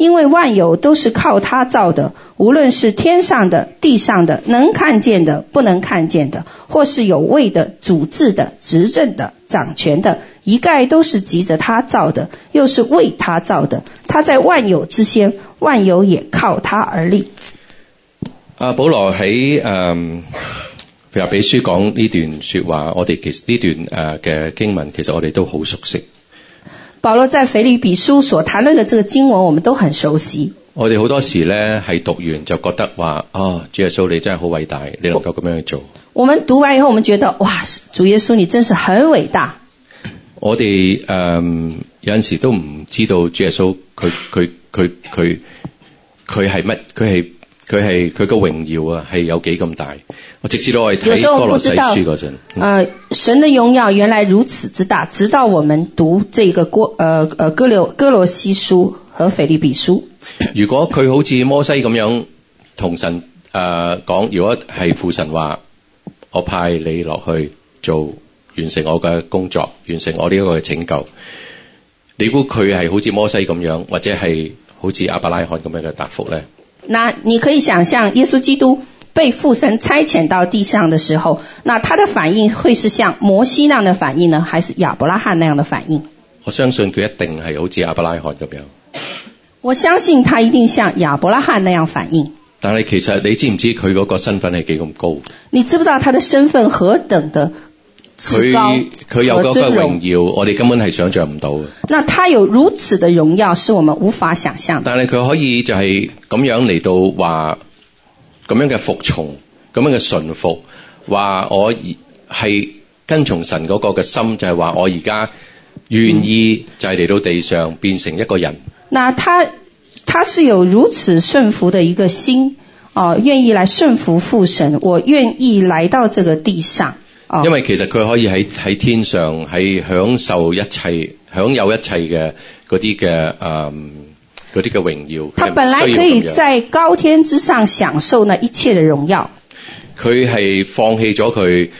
因為萬有都是靠他造的，無論是天上的、地上的、能看見的、不能看見的，或是有位的、主治的、執政的、掌權的，一概都是藉着他造的，又是為他造的。他在萬有之先，萬有也靠他而立。阿、啊、保羅喺誒腓立比書講呢段說話，我哋其實呢段誒嘅經文，其實我哋都好熟悉。保羅在腓利比書所談論的這個經文，我們都很熟悉。我哋好多時呢係讀完就覺得話：，哦，主耶穌你真係好偉大，你能夠咁樣去做。我們讀完以後，我們覺得：，哇，主耶穌你真是很偉大。我哋、呃、有時時都唔知道主耶穌佢他他他佢係乜佢係。他他他是什麼他是佢係佢嘅榮耀啊，係有幾咁大？我直接我係睇哥羅西書嗰陣、呃，神的榮耀原來如此之大，直到我們讀這個哥，誒、呃、誒哥羅哥羅西書和菲利比書。如果佢好似摩西咁樣同神誒講、呃，如果係父神話，我派你落去做完成我嘅工作，完成我呢一個拯救，你估佢係好似摩西咁樣，或者係好似阿伯拉罕咁樣嘅答覆咧？那你可以想象耶穌基督被父神差遣到地上的時候，那他的反應會是像摩西那樣的反應呢，還是亞伯拉罕那樣的反應？我相信佢一定係好似亞伯拉罕咁樣。我相信他一定像亞伯拉罕那樣反應。但係其實你知唔知佢嗰個身份係幾咁高？你知唔知道他的身份何等的？佢佢有嗰個榮耀，我哋根本係想象唔到嘅。那他有如此的榮耀，是我們無法想象的。但係佢可以就係咁樣嚟到話，咁樣嘅服從，咁樣嘅順服，話我係跟從神嗰個嘅心，就係、是、話我而家願意就係嚟到地上、嗯、變成一個人。那他他是有如此順服的一個心，哦、呃，願意來順服父神，我願意來到這個地上。因為其實佢可以喺喺天上，喺享受一切，享有一切嘅嗰啲嘅誒，啲嘅，嗯、榮耀。他本來可以在高天之上享受那一切的榮耀。佢係放棄咗佢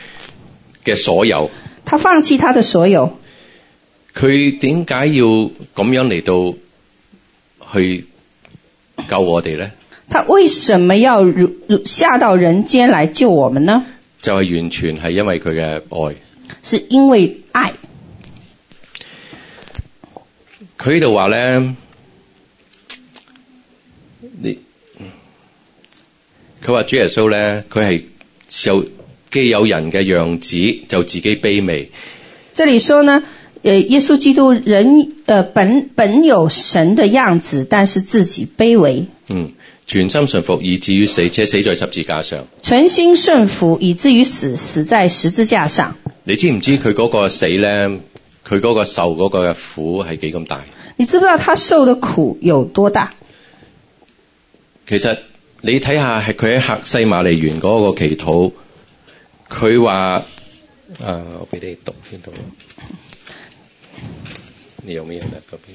嘅所有。他放棄他的所有。佢點解要咁樣嚟到去救我哋咧？他為什麼要下到人間來救我們呢？就係完全係因為佢嘅愛，是因為愛。佢呢度話咧，你佢話主耶穌咧，佢係受既有人嘅樣子，就自己卑微。這裏說呢，誒，耶穌基督人，誒，本本有神嘅樣子，但是自己卑微。嗯。全心順服以至於死，且死在十字架上。全心順服以至於死，死在十字架上。你知唔知佢嗰個死咧？佢嗰個受嗰個嘅苦係幾咁大？你知唔知道他受嘅苦有多大？其實你睇下，係佢喺客西馬利園嗰個祈禱，佢話：誒、啊，我俾你讀先到。」你有咩咧？嗰邊？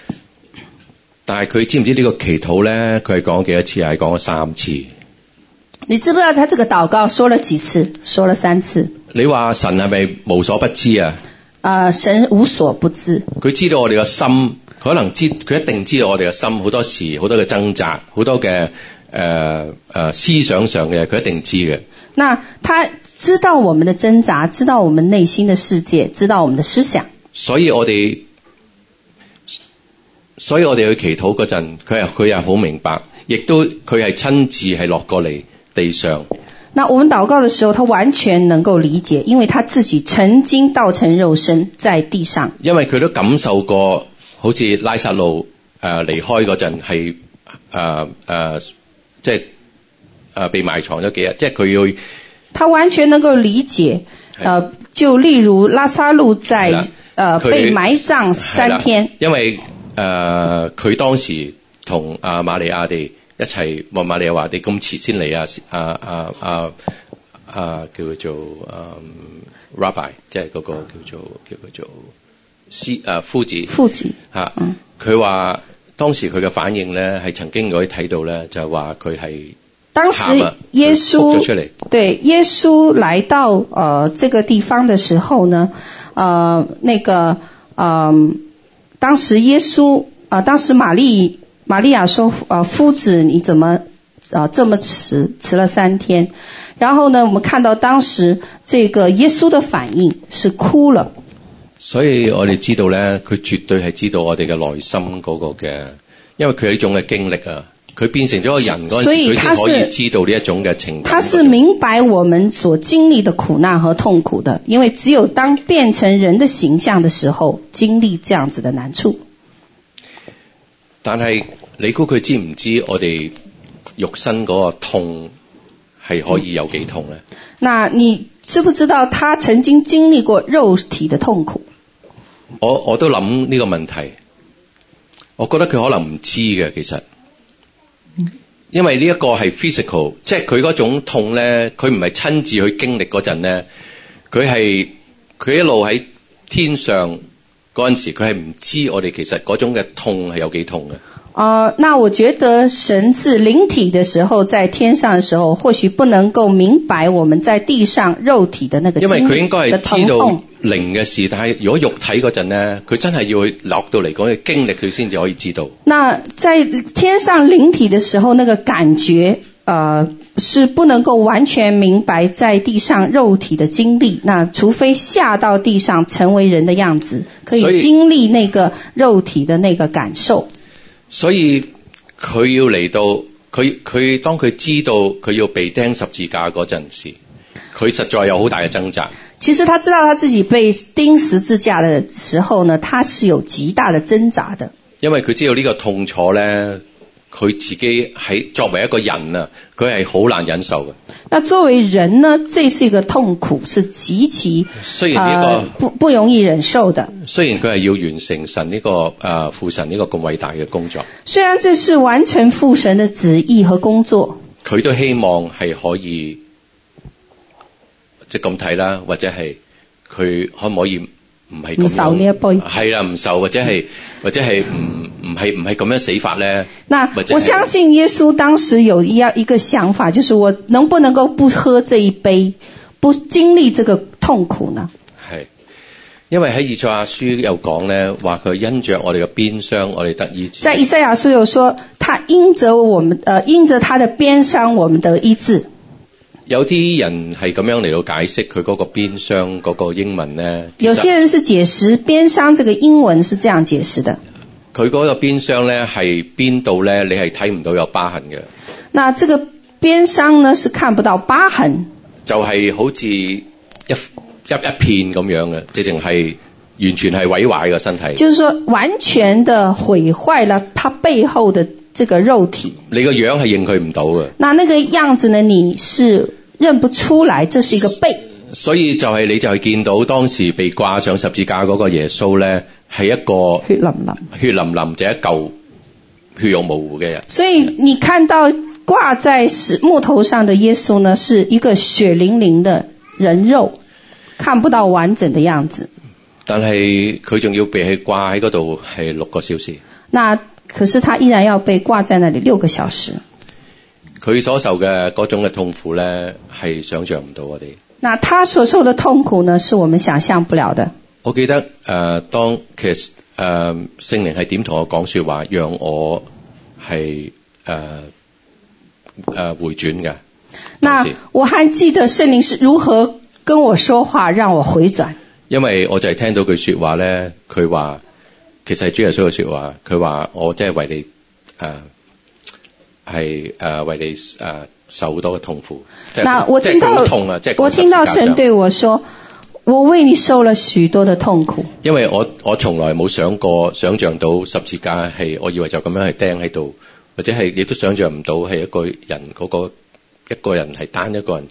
但係佢知唔知呢個祈禱咧？佢係講咗幾多次？係講咗三次。你知唔知道他這個禱告說了幾次？說了三次。你話神係咪無所不知啊？啊、呃，神無所不知。佢知道我哋嘅心，佢可能知，佢一定知道我哋嘅心，好多時好多嘅掙扎，好多嘅誒誒思想上嘅，佢一定知嘅。那他知道我們的掙扎，知道我們內心的世界，知道我們的思想。所以我哋。所以我哋去祈禱嗰陣，佢又佢好明白，亦都佢係親自係落過嚟地上。那我們禱告的時候，他完全能夠理解，因為他自己曾經道成肉身在地上。因為佢都感受過，好似拉撒路誒、呃、離開嗰陣係誒誒即係誒、呃呃、被埋藏咗幾日，即係佢要。他完全能夠理解，誒的、呃、就例如拉撒路在誒、呃、被埋葬三天，因為。誒，佢、呃、當時同阿瑪利亞地一齊，問瑪利亞話：地咁遲先嚟啊？啊啊啊啊，叫做、嗯、Rabbi 即係嗰個叫做叫做師誒、啊，夫子。夫子。吓、啊，佢話當時佢嘅反應咧，係曾經我可以睇到咧，就係話佢係。當時耶穌對耶穌來到誒個、呃這個地方的時候呢，呃、那個、呃當時耶穌啊，當時瑪利瑪利亞說：“啊，夫子你怎麼啊，這麼遲？遲了三天。”然後呢，我們看到當時這個耶穌的反應是哭了。所以我哋知道呢，佢絕對係知道我哋嘅內心嗰個嘅，因為佢有一種嘅經歷啊。佢變成咗個人嗰陣時，所以佢可以知道呢一種嘅情況。他是明白我們所經歷的苦難和痛苦的，因為只有當變成人的形象的時候，經歷這樣子的難處。但係，你估佢知唔知我哋肉身嗰個痛係可以有幾痛呢？嗯？那你知不知道他曾經經歷過肉體的痛苦？我我都諗呢個問題，我覺得佢可能唔知嘅，其實。因為呢一個係 physical，即係佢嗰種痛咧，佢唔係親自去經歷嗰陣咧，佢係佢一路喺天上嗰陣時，佢係唔知道我哋其實嗰種嘅痛係有幾痛嘅。啊、呃，那我覺得神係靈體嘅時候，在天上嘅時候，或許不能夠明白我們在地上肉體的那個經歷嘅疼痛。因為靈嘅事，但係如果肉體嗰陣呢，佢真係要去落到嚟講嘅經歷，佢先至可以知道。那在天上靈體的時候，那個感覺，啊、呃，是不能夠完全明白在地上肉體的經歷。那除非下到地上成為人的樣子，可以經歷那個肉體的那個感受。所以佢要嚟到，佢佢當佢知道佢要被釘十字架嗰陣時，佢實在有好大嘅掙扎。其實他知道他自己被釘十字架的時候呢，他是有極大的掙扎的。因為佢知道呢個痛楚呢，佢自己喺作為一個人啊，佢係好難忍受的。那作為人呢，這是一個痛苦，是極其啊、雖然這個呃、不不容易忍受的。雖然佢係要完成神呢、這個誒、呃、父神呢個咁偉大嘅工作。雖然這是完成父神嘅旨意和工作。佢都希望係可以。即咁睇啦，或者係佢可唔可以唔係咁，唔受呢一杯？係啦，唔受或者係或者係唔唔係唔係咁樣死法咧？那我相信耶穌當時有一一個想法，就是我能不能夠不喝這一杯， [LAUGHS] 不經歷這個痛苦呢？係，因為喺以賽亞書有講咧，話佢因着我哋嘅邊傷，我哋得醫治。即以賽亞書有說，他因着我們，呃，因着他的邊傷，我們得醫治。有啲人係咁樣嚟到解釋佢嗰個邊傷嗰個英文呢？有些人是解釋邊傷這個英文是這樣解釋的。佢嗰個邊傷呢係邊度呢？你係睇唔到有疤痕嘅。那這個邊傷呢是看不到疤痕。就係好似一一一片咁樣嘅，直情係完全係毀壞個身體。就是說完全的毀壞了他背後的這個肉體。你個樣係認佢唔到嘅。那那個樣子呢？你是？認不出來，這是一個背。所以就係你就係見到當時被掛上十字架嗰個耶穌呢，係一個血淋淋、血淋淋，就一嚿血肉模糊嘅人。所以你看到掛在木頭上的耶穌呢，是一個血淋淋的人肉，看不到完整的樣子。但係佢仲要被係掛喺嗰度，係六個小時。那可是他依然要被掛在那裡六個小時。佢所受嘅嗰種嘅痛苦咧，係想象唔到我哋。那他所受的痛苦呢，是我們想象不了的。我記得誒、呃，當其實誒、呃、聖靈係點同我講說話，讓我係誒誒回轉嘅。那我還記得聖靈是如何跟我說話，讓我回轉。因為我就係聽到佢說話咧，佢話其實係主耶穌嘅說話，佢話我即係為你誒。呃係誒、呃，為你誒、呃、受好多嘅痛苦。嗱我聽到即痛，我聽到神對我說，我為你受了許多的痛苦。因為我我從來冇想過、想象到十字架係，我以為就咁樣係釘喺度，或者係亦都想象唔到係一個人、嗰個一個人係單一個人。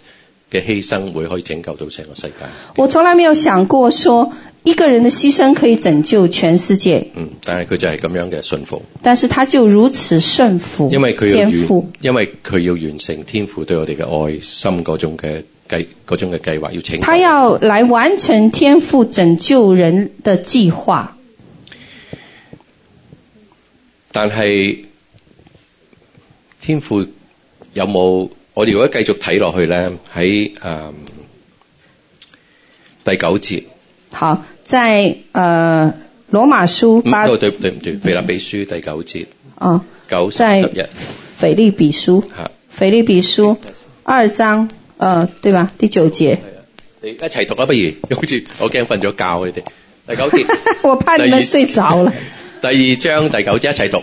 嘅犧牲會可以拯救到成個世界。我從來沒有想過說，一個人嘅犧牲可以拯救全世界。嗯，但係佢就係咁樣嘅信服。但是他就如此順服。因為佢要完，因為佢要完成天父對我哋嘅愛心嗰種嘅計嗰種嘅計劃要請。他要來完成天父拯救人的計劃。但係天父有冇？我哋如果繼續睇落去呢，喺誒、嗯、第九節。好，在誒、呃、羅馬書。八。呢個對對唔對？腓立比書第九節。哦。九、十、一。腓立比書。腓立比書,是腓立比書二章誒、呃，對吧？第九節。係啊。你一齊讀啊，不如好似我驚瞓咗覺你哋。第九節。 [LAUGHS] 我怕你們睡着了。第二, [LAUGHS] 第二章第九節一齊讀。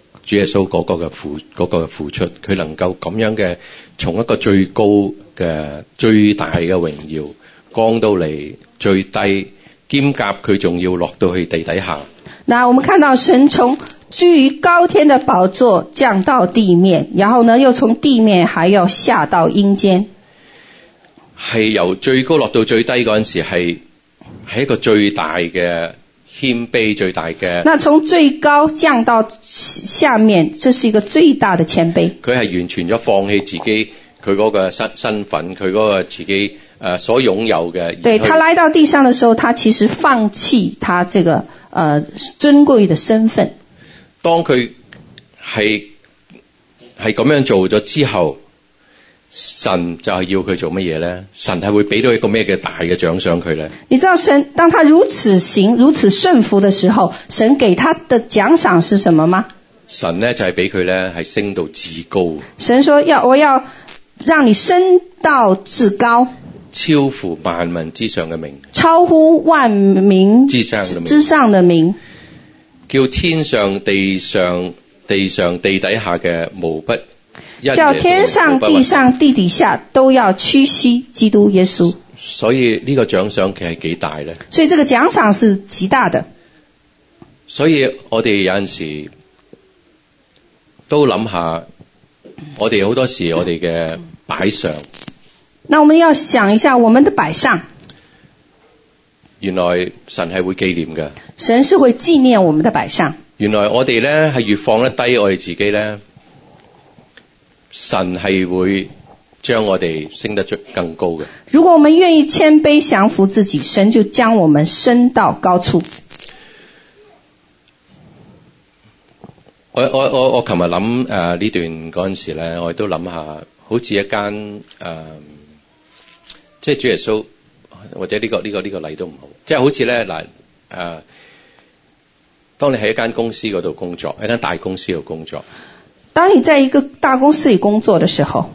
主耶穌嗰個嘅付嗰個付出，佢、那個、能夠咁樣嘅從一個最高嘅最大嘅榮耀降到嚟最低，兼夾佢仲要落到去地底下。嗱，我們看到神從居於高天嘅寶座降到地面，然後呢又從地面還要下到陰間，係由最高落到最低嗰陣時係係一個最大嘅。謙卑最大嘅，那從最高降到下面，這是一個最大的謙卑。佢係完全咗放棄自,自己，佢嗰個身身份，佢嗰個自己誒所擁有嘅。對，他來到地上的時候，他其實放棄他這個誒、呃、尊貴的身份。當佢係係咁樣做咗之後。神就係要佢做乜嘢咧？神係會俾到一個咩嘅大嘅獎賞佢咧？你知道神當他如此行、如此順服嘅時候，神給他的獎賞是什麼嗎？神咧就係俾佢咧係升到至高。神說：要我要讓你升到至高，超乎萬民之上嘅名，超乎萬民之上名之上的名，的名叫天上、地上、地上、地上、地底下嘅無不。叫天上地上地底下都要屈膝基督耶穌。所以呢個獎賞其實幾大咧？所以這個獎賞是極大的。所以我哋有陣時都諗下，我哋好多時我哋嘅擺上。那我們要想一下我們的擺上。原來神係會紀念嘅。神是會紀念我們的擺上。原來我哋咧係越放得低我哋自己咧。神係會將我哋升得出更高嘅。如果我們願意謙卑降服自己，神就將我們升到高處。我我我我琴日諗誒呢段嗰陣時咧，我亦、呃、都諗下，好似一間誒，即、呃、係、就是、主耶穌，或者呢、呢個呢、呢個呢、呢個例都唔好，即、就、係、是、好似咧嗱誒，當你喺一間公司嗰度工作，喺間大公司度工作。當你在一個大公司裏工作的時候，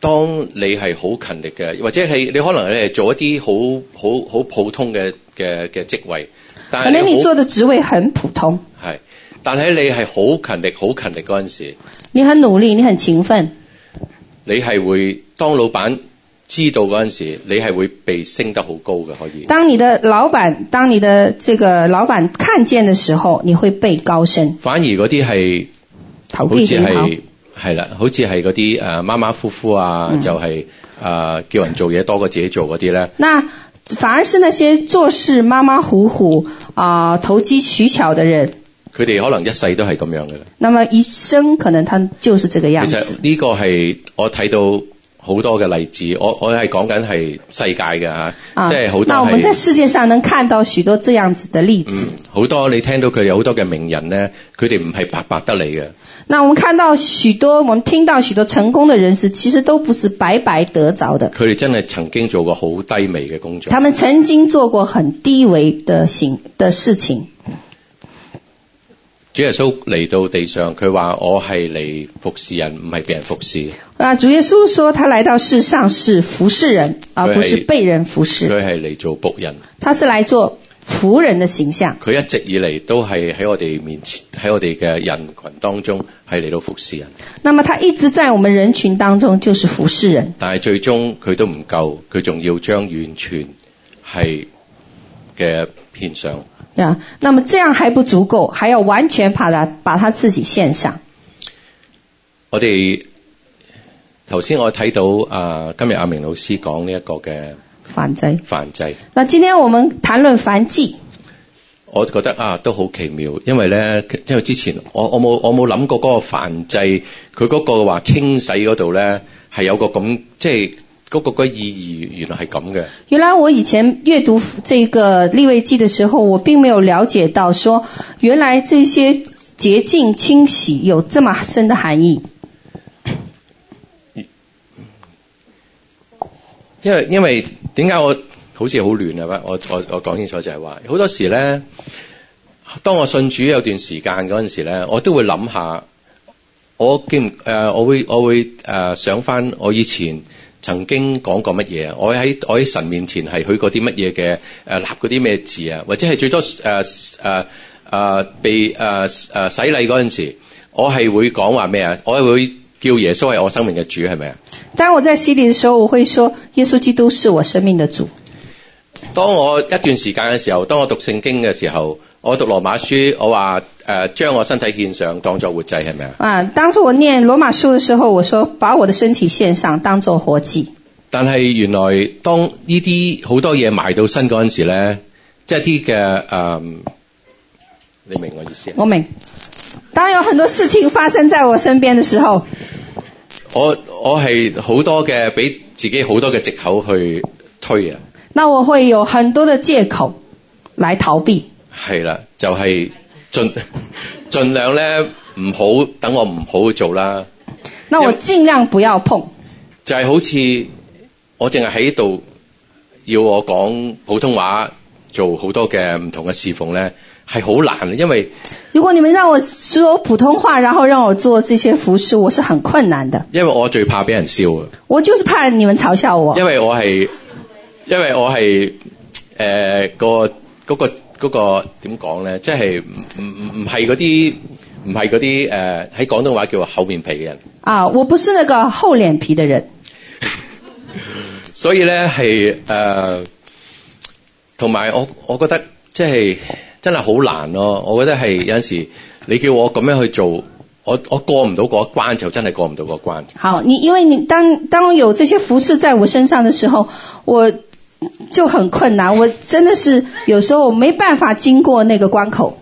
當你係好勤力嘅，或者係你可能咧做一啲好好普通嘅職位，可能你做的職位很普通，係，但係你係好勤力好勤力嗰時候，你很努力，你很勤奮，你係會當老闆知道嗰陣時，你係會被升得好高嘅。可以。當你的老闆，當你的這個老闆看見的時候，你會被高升。反而嗰啲係，好似係係啦，好似係嗰啲誒馬馬虎虎啊，媽媽啊嗯、就係、是、誒、啊、叫人做嘢多過自己做嗰啲咧。那反而是那些做事馬馬虎虎啊、投機取巧的人，佢哋可能一世都係咁樣嘅啦。那麼一生可能他就是這個樣。其實呢個係我睇到。好多嘅例子，我我係講緊係世界嘅吓，啊、即係好多。那我們在世界上能看到許多這樣子的例子。好、嗯、多你聽到佢有好多嘅名人咧，佢哋唔係白白得嚟嘅。那我們看到許多，我們聽到許多成功嘅人士，其實都不是白白得着嘅，佢哋真係曾經做過好低微嘅工作。他們曾經做過很低微的行的事情。主耶穌嚟到地上，佢話我係嚟服侍人，唔係俾人服侍。啊，主耶穌說他來到世上是服侍人，而是不是被人服侍。佢係嚟做僕人，他是來做僕人，做服人的形象。佢一直以嚟都係喺我哋面前，喺我哋嘅人群當中，係嚟到服侍人。那麼他一直在我們人群當中就是服侍人。但係最終佢都唔夠，佢仲要將完全係嘅。獻現上呀，yeah, 那麼這樣還不足夠，還要完全怕他把他自己獻上我。我哋頭先我睇到啊，今日阿明老師講呢一個嘅燔祭、燔祭。那今天我們談論燔祭，我覺得啊都好奇妙，因為咧，因為之前我我冇我冇諗過嗰個燔祭，佢嗰個話清洗嗰度咧係有個咁即係。嗰個嘅意義原來係咁嘅。原來我以前閱讀這個《利未記》的時候，我並沒有了解到說，說原來這些潔淨清洗有這麼深的含義。即係因為點解我好似好亂啊？我我我講清楚就係話好多時呢，當我信主有段時間嗰陣時咧，我都會諗下，我記唔誒、呃、我會我會、呃、想翻我以前。曾經講過乜嘢？我喺我喺神面前係許過啲乜嘢嘅？誒，立啲咩字啊？或者係最多誒誒誒被誒誒，呃、洗禮嗰陣時，我係會講話咩啊？我係會叫耶穌係我生命嘅主係咪啊？當我在洗禮嘅時候，我會說耶穌基督是我生命的主。當我一段時間嘅時候，當我讀聖經嘅時候。我讀羅馬書，我話誒、呃，將我身體獻上當作活祭，係咪啊？啊，當初我念羅馬書的時候，我說把我的身體獻上當作活祭。但係原來當呢啲好多嘢埋到身嗰陣時咧，即係啲嘅誒，你明我意思？我明。當有很多事情發生在我身邊的時候，我我係好多嘅俾自己好多嘅借口去推啊。那我會有很多的借口來逃避。係啦，就係盡盡量咧，唔好等我唔好做啦。那我盡量不要碰。就係好似我淨係喺度要我講普通話，做好多嘅唔同嘅侍奉咧，係好難。因為如果你們讓我說普通話，然後讓我做這些服侍，我是很困難的。因為我最怕俾人笑。我就是怕你們嘲笑我。因為我係因為我係誒個嗰個。那個嗰、那個點講呢？即係唔唔唔係嗰啲，唔係嗰啲，誒喺廣東話叫厚面皮嘅人、啊。我不是那個厚臉皮的人。 [LAUGHS] 所以呢係誒，同埋、呃、我覺得即係真係好難囉。我覺得係有陣時你叫我咁樣去做，我，我過唔到嗰一關就真係過唔到嗰關。好你，因為你當當我有這些服飾在我身上的時候，我。就很困難，我真的是有時候我沒辦法經過那個關口。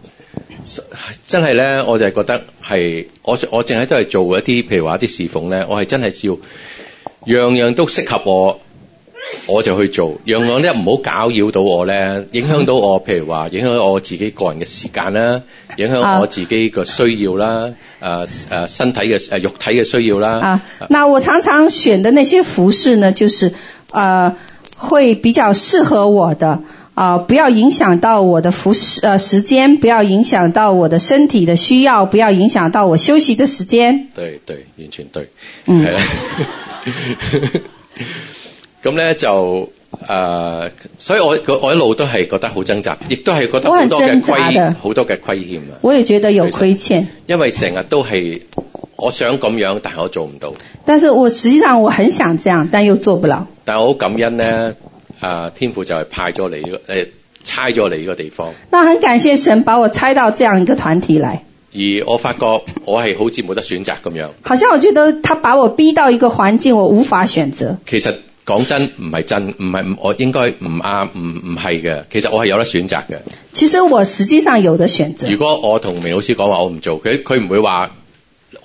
真係呢，我就係覺得係，我我淨係都係做一啲，譬如話一啲侍奉呢，我係真係要樣樣都適合我，我就去做，樣樣咧唔好攪擾到我呢，影響到我，譬如話影響我自己個人嘅時間啦，影響我自己嘅需要啦，誒誒、啊啊、身體嘅誒、啊、肉體嘅需要啦。啊，那我常常選的那些服飾呢，就是啊。呃會比較適合我的啊、呃！不要影響到我的服食呃時間，不要影響到我的身體的需要，不要影響到我休息的時間。對對，完全對。嗯。咁咧是的 [LAUGHS] [LAUGHS] 就誒、呃，所以我我我一路都係覺得好掙扎，亦都係覺得好多嘅虧，好多嘅虧欠啊。我也覺得有虧欠，因為成日都係。我想咁樣，但係我做唔到。但是我實際上我很想這樣，但又做不了。但係我好感恩呢，啊、呃，天父就係派咗你，誒、呃，差咗你呢個地方。那很感謝神把我差到這樣一個團體來。而我發覺我係好似冇得選擇咁樣。好像我覺得他把我逼到一個環境，我無法選擇。其實講真唔係真，唔係我應該唔啱，唔唔係嘅。其實我係有得選擇嘅。其實我實際上有得選擇。如果我同明老師講話，我唔做佢，佢唔會話。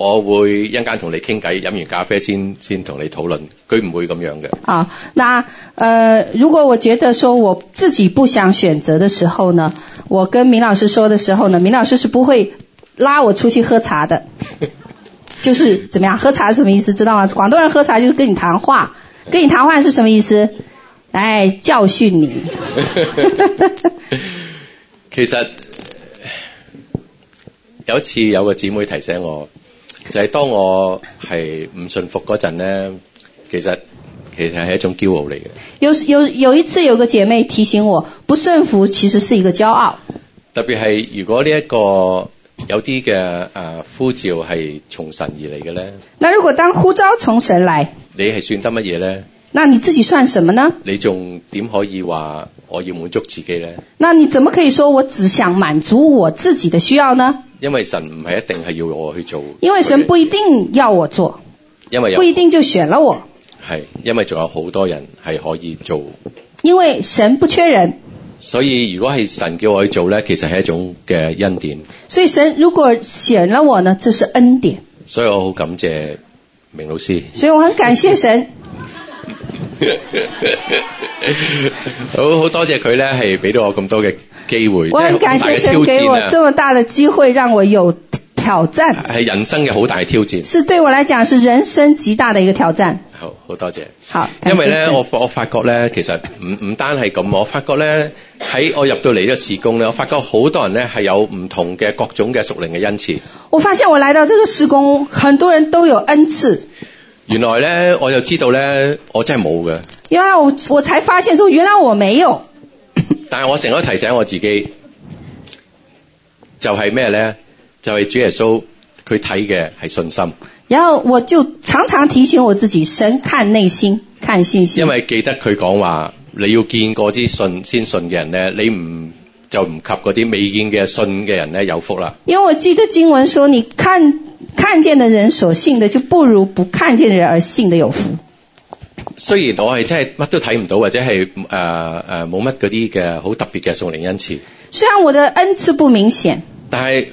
我會一陣間同你傾偈，飲完咖啡先先同你討論。佢唔會咁樣嘅。啊，那呃，如果我覺得說我自己不想選擇的時候呢，我跟明老師說的時候呢，明老師是不會拉我出去喝茶的。就是怎麼樣？喝茶是什麼意思？知道嗎？廣東人喝茶就是跟你談話，跟你談話是什麼意思？來、哎、教訓你。 [LAUGHS] [LAUGHS] 其實有一次有個姊妹提醒我。就係當我係唔信服嗰陣咧，其實其實係一種驕傲嚟嘅。有有有一次，有個姐妹提醒我，不信服其實是一個驕傲。特別係如果呢一個有啲嘅、啊、呼召係從神而嚟嘅咧，那如果當呼召從神來，你係算得乜嘢咧？那你自己算什麼呢？你仲點可以話？我要滿足自己呢？那你怎麼可以說我只想滿足我自己的需要呢？因為神唔係一定係要我去做，因為神不一定要我做，因為不一定就選了我。係因為仲有好多人係可以做，因為神不缺人，所以如果係神叫我去做呢，其實係一種嘅恩典。所以神如果選了我呢，這是恩典。所以我好感謝明老師，所以我很感謝神。 [LAUGHS] [LAUGHS] 好好多謝佢咧，係俾到我咁多嘅機會，很感謝哇挑戰謝先給我這麼大嘅機會讓我有挑戰，係人生嘅好大挑戰。是對我來講，是人生極大的一個挑戰。好，好多謝。好，因為咧，嗯、我我發覺咧，其實唔唔單係咁，我發覺咧喺我入到嚟呢個事工咧，我發覺好多人咧係有唔同嘅各種嘅屬靈嘅恩賜。我發現我嚟到呢個事工，很多人都有恩賜。原來咧，我就知道咧，我真係冇嘅。原來我我才發現，說原來我沒有。但我成日提醒我自己，就係咩呢？就是主耶穌佢睇嘅係信心。然後我就常常提醒我自己，神看內心，看信心。因為記得佢講話，你要見過啲信先信嘅人呢，你唔就唔及嗰啲未見嘅信嘅人呢有福啦。因為我記得經文說，你看看見的人所信的，就不如不看見的人而信的有福。雖然我係真係乜都睇唔到，或者係誒誒冇乜嗰啲嘅好特別嘅屬靈恩賜。雖然我嘅恩賜唔明顯，但係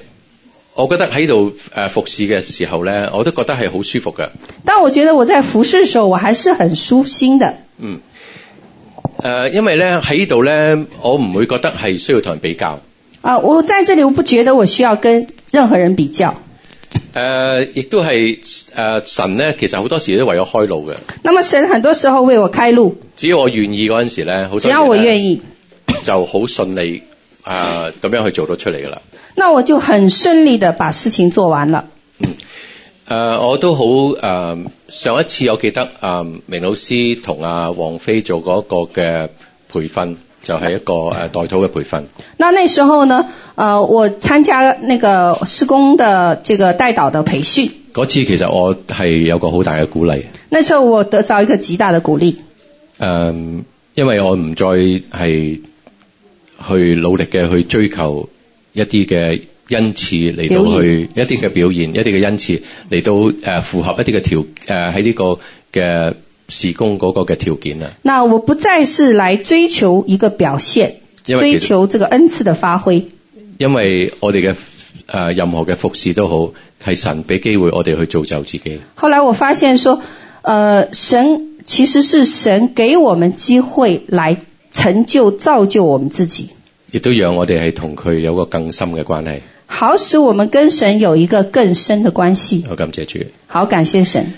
我覺得喺度誒服侍嘅時候咧，我都覺得係好舒服嘅。但我覺得我在服侍嘅時候，我還是很舒心嘅。嗯，誒、呃，因為咧喺度咧，我唔會覺得係需要同人比較。啊、呃，我在這裏，我不覺得我需要跟任何人比較。誒、呃，亦都係誒、呃、神咧，其實好多時候都為我開路嘅。那麼神很多時候為我開路，只要我願意嗰陣時咧，只要我願意很 [COUGHS] 就好順利啊，咁、呃、樣去做到出嚟噶啦。那我就很順利地把事情做完了。誒、嗯呃，我都好誒、呃，上一次我記得誒、呃、明老師同阿王菲做過一個嘅培訓。就係一個代組嘅培訓。那那時候呢，誒、呃，我參加那個事工的這個帶導的培訓。嗰次其實我係有個好大嘅鼓勵。那時候我得到一個極大的鼓勵。嗯、因為我唔再係去努力嘅去追求一啲嘅恩賜嚟到去演一啲嘅表現，一啲嘅恩賜嚟到、呃、符合一啲嘅條誒喺呢個嘅。事工嗰個嘅條件啊，那我不再是來追求一個表現，追求這個恩賜的發揮。因為我哋嘅誒任何嘅服侍都好，係神俾機會我哋去造就自己。後來我發現說、呃，神其實是神給我們機會來成就造就我們自己。亦都讓我哋係同佢有個更深嘅關係，好使我們跟神有一個更深嘅關係。好感謝主，好感謝神。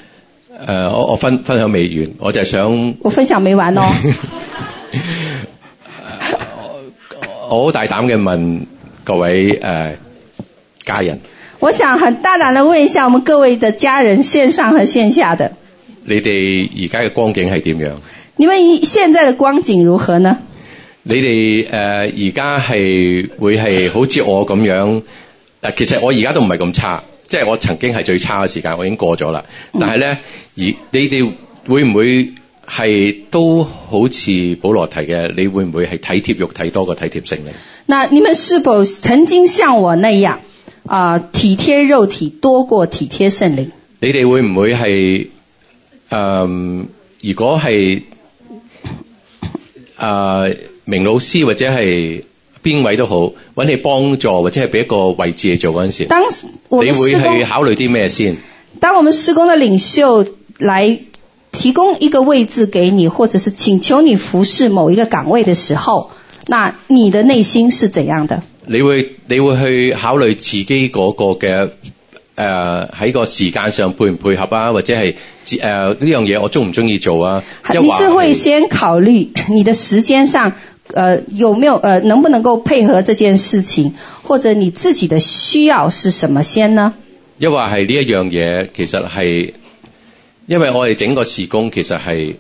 誒，我、uh, 我分分享未完，我就係想我分享未完咯。 [LAUGHS] uh, 我好大膽嘅問各位誒、uh, 家人，我想很大膽地問一下我們各位的家人，線上和線下的，你哋而家嘅光景係點樣？你們現在的光景如何呢？你哋誒而家係會係好似我咁樣？誒，其實我而家都唔係咁差。即係我曾經係最差嘅時間，我已經過咗啦。但係咧，嗯、而你哋會唔會係都好似保羅提嘅？你會唔會係體貼肉體多過體貼聖靈？嗱，你們是否曾經像我那樣啊、呃？體貼肉體多過體貼聖靈？你哋會唔會係誒、呃？如果係誒、呃、明老師或者係？邊位都好，揾你幫助或者係俾一個位置你做嗰陣時，當你會去考慮啲咩先？當我們事工嘅領袖來提供一個位置給你，或者是請求你服侍某一個崗位嘅時候，那你的內心是怎樣的？你會你會去考慮自己嗰個嘅誒喺個時間上配唔配合啊，或者係誒呢樣嘢我中唔中意做啊？你是會先考慮你的時間上？呃，有沒有呃，能不能夠配合這件事情，或者你自己的需要是什麼先呢？因為係呢一樣嘢，其實係因為我哋整個事工其實係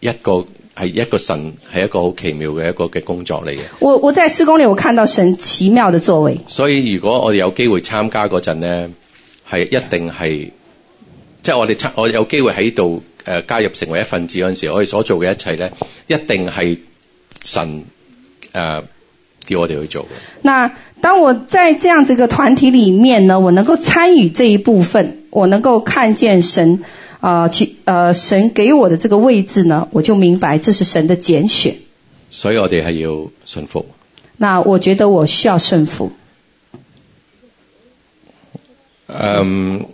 一個係一個神係一個好奇妙嘅一個嘅工作嚟嘅。我我在事工裏，我看到神奇妙嘅作為。所以如果我哋有機會參加嗰陣呢，係一定係即係我哋我有機會喺度誒加入成為一份子嗰陣時，我哋所做嘅一切呢，一定係。神誒叫、呃、我哋去做嘅。那當我在這樣一個團體裏面呢,我能夠參與這一部分，我能夠看見神啊、呃，去呃神給我的這個位置呢，我就明白這是神的揀選。所以我哋係要順服。那我覺得我需要順服。嗯，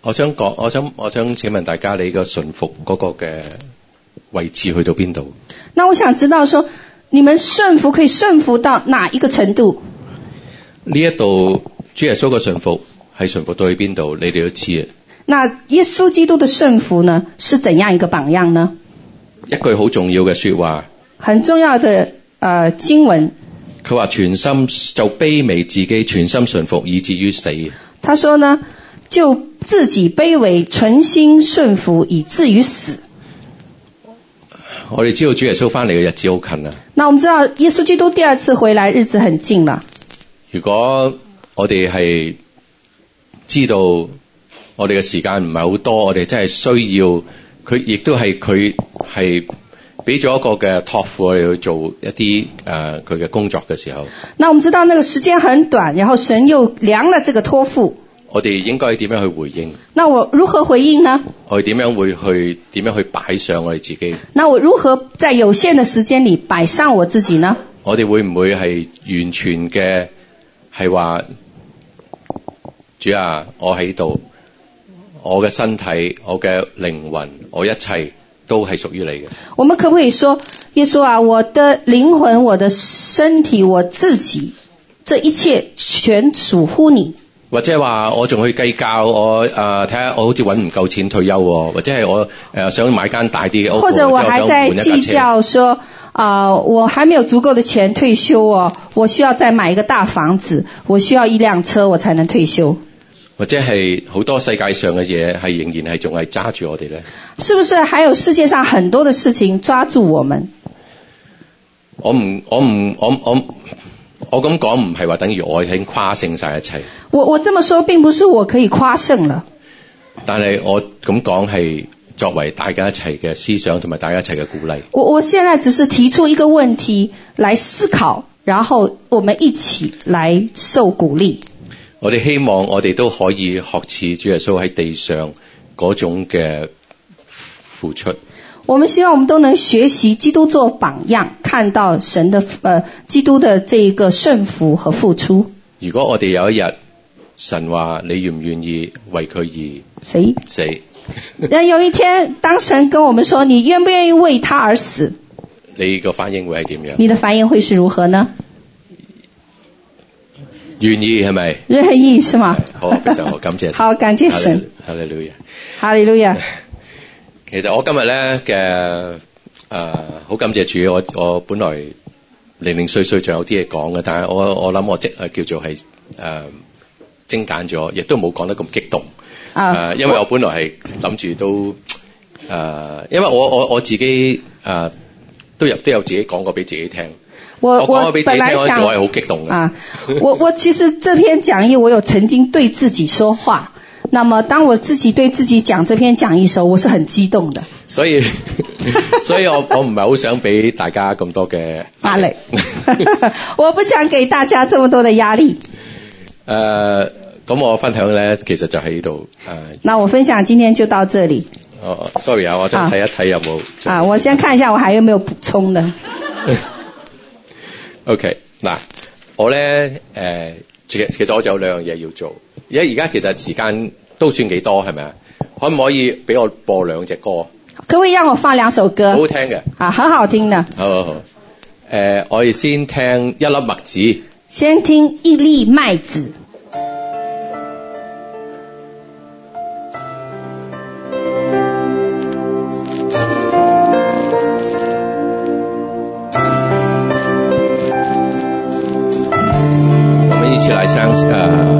我想講，我想我想請問大家你個順服嗰個嘅。位置去到邊度？那我想知道說，說你們順服可以順服到哪一個程度？呢一度，主耶穌嘅順服係順服到去邊度？你哋都知啊。那耶穌基督嘅順服呢，是怎樣一個榜樣呢？一句好重要嘅說話。很重要嘅啊、呃、經文。佢話全心就卑微自己，全心順服以至於死。他說呢，就自己卑微，全心順服以至於死。我哋知道主耶穌翻嚟嘅日子好近啊，嗱，我們知道耶穌基督第二次回來日子很近啦。如果我哋係知道我哋嘅時間唔係好多，我哋真係需要佢，亦都係佢係俾咗一個嘅託付我哋去做一啲誒佢嘅工作嘅時候。那我們知道那個時間很短，然後神又涼了這個託付。我哋應該點樣去回應？那我如何回應呢？我點樣會去？點樣去擺上我哋自己？那我如何在有限的時間裏擺上我自己呢？我哋會唔會係完全嘅係話，主啊，我喺度，我嘅身體，我嘅靈魂，我一切都係屬於你嘅。我們可唔可以說，耶穌啊，我的靈魂，我的身體，我自己，這一切全屬乎你。或者話我仲去計較我誒，睇、呃、下我好似揾唔夠錢退休，哦，或者係我誒想買間大啲嘅屋，或者我還在計較說啊，呃，我還沒有足夠的錢退休哦，我需要再買一個大房子，我需要一輛車，我才能退休。或者係好多世界上嘅嘢係仍然係仲係揸住我哋咧。是不是還有世界上很多的事情抓住我們？我唔，我唔，我我。我咁講唔係話等於我已經誇勝晒一切。我我這麼說，並不是我可以誇勝了。但係我咁講係作為大家一齊嘅思想，同埋大家一齊嘅鼓勵。我我現在只是提出一個問題，來思考，然後我們一起來受鼓勵。我哋希望我哋都可以學似主耶穌喺地上嗰種嘅付出。我們希望我們都能學習基督做榜樣，看到神的呃，基督的這一個順服和付出。如果我哋有一日，神話你願唔願意為佢而死？死。那有一天，當神跟我們說：“你願不願意為他而死？”你個反應會係點樣？你的反應會是如何呢？願意係咪？是願意，是嗎？好，非常好，感謝神。 [LAUGHS] 好，感謝神。哈利路亞。哈利路亞。其實我今日咧嘅誒好感謝主，我我本來零零碎碎仲有啲嘢講嘅，但係我我諗我即誒、啊、叫做係誒、呃、精簡咗，亦都冇講得咁激動誒、呃，因為我本來係諗住都誒、呃，因為我我我自己誒、呃、都有都有自己講過俾自己聽，我我講俾自己聽我本來想我係好激動嘅。啊，我我其實這篇講義我有曾經對自己說話。 [LAUGHS] 那麼當我自己對自己講這篇講義時候，我是很激動的。所以，所以我 [LAUGHS] 我唔係好想俾大家咁多嘅壓力。啊、 [LAUGHS] 我不想給大家這麼多的壓力。誒、呃，咁我分享咧，其實就喺呢度。誒、呃，那我分享今天就到這裏。哦，sorry 啊，我再睇一睇有冇、啊。啊，我先看一下我還有沒有補充的。 [LAUGHS] OK，嗱，我咧，誒、呃。其實我就有兩樣嘢要做。而而家其實時間都算幾多，係咪啊？可唔可以俾我播兩隻歌？可唔可以讓我放兩首歌？好好聽嘅啊，很好聽嘅。好，好，好。誒、呃，我哋先聽一粒麥子。先聽一粒麥子。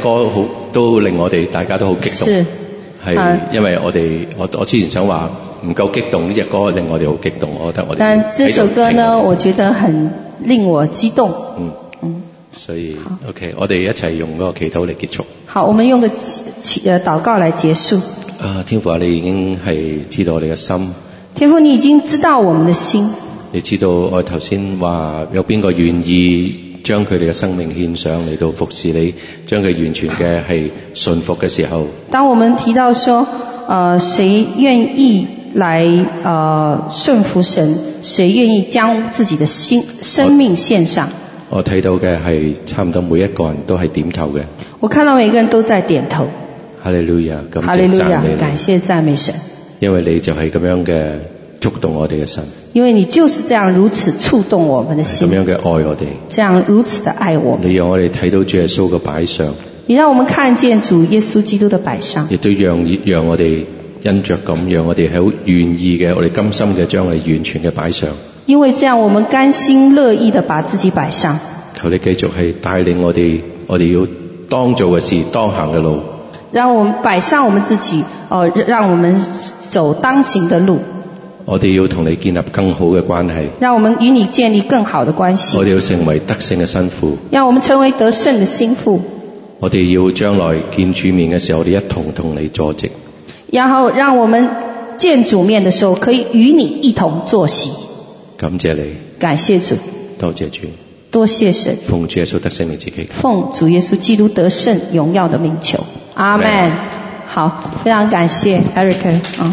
歌好都令我哋大家都好激動，係是因為我哋、嗯、我我之前想話唔夠激動呢隻歌令我哋好激動，我覺得。我哋但這首歌呢，是我覺得很令我激動。嗯嗯，所以好 OK，我哋一齊用嗰個祈禱嚟結束。好，我們用個禱告嚟結束。啊，天父啊，你已經係知道我哋嘅心。天父，你已經知道我們嘅心。你知道我頭先話有邊個願意？將佢哋嘅生命獻上嚟到服侍你，將佢完全嘅係信服嘅時候。當我們提到說，誒、呃，誰願意來誒、呃、順服神？誰願意將自己嘅心生命獻上？我睇到嘅係差唔多每一個人都係點頭嘅。我看到每個人都在點頭。哈利，哈利路亞！感謝讚美神。因為你就係咁樣嘅觸動我哋嘅神。因為你就是這樣如此觸動我們的心，咁樣嘅愛我哋，這樣如此的愛我們，你讓我哋睇到主耶穌嘅擺上，你讓我們看見主耶穌基督的擺上，亦都讓讓我哋因着咁樣，我哋係好願意嘅，我哋甘心嘅將我哋完全嘅擺上。因為這樣，我們甘心樂意的把自己擺上。求你繼續係帶領我哋，我哋要當做嘅事，當行嘅路。讓我們擺上我們自己，哦、呃，讓我們走當行嘅路。我哋要同你建立更好嘅關係。讓我們與你建立更好的關係。我哋要成為得勝嘅新婦。讓我們成為得勝嘅新婦。我哋要將來見主面嘅時候，我哋一同同你坐席。然後讓我們見主面嘅時候，可以與你一同坐席。感謝你。感謝主。多謝主。多謝神。奉主耶穌得勝名自己。奉主耶穌基督得勝榮耀的名求。阿門 Amen。好，非常感謝 Eric。嗯。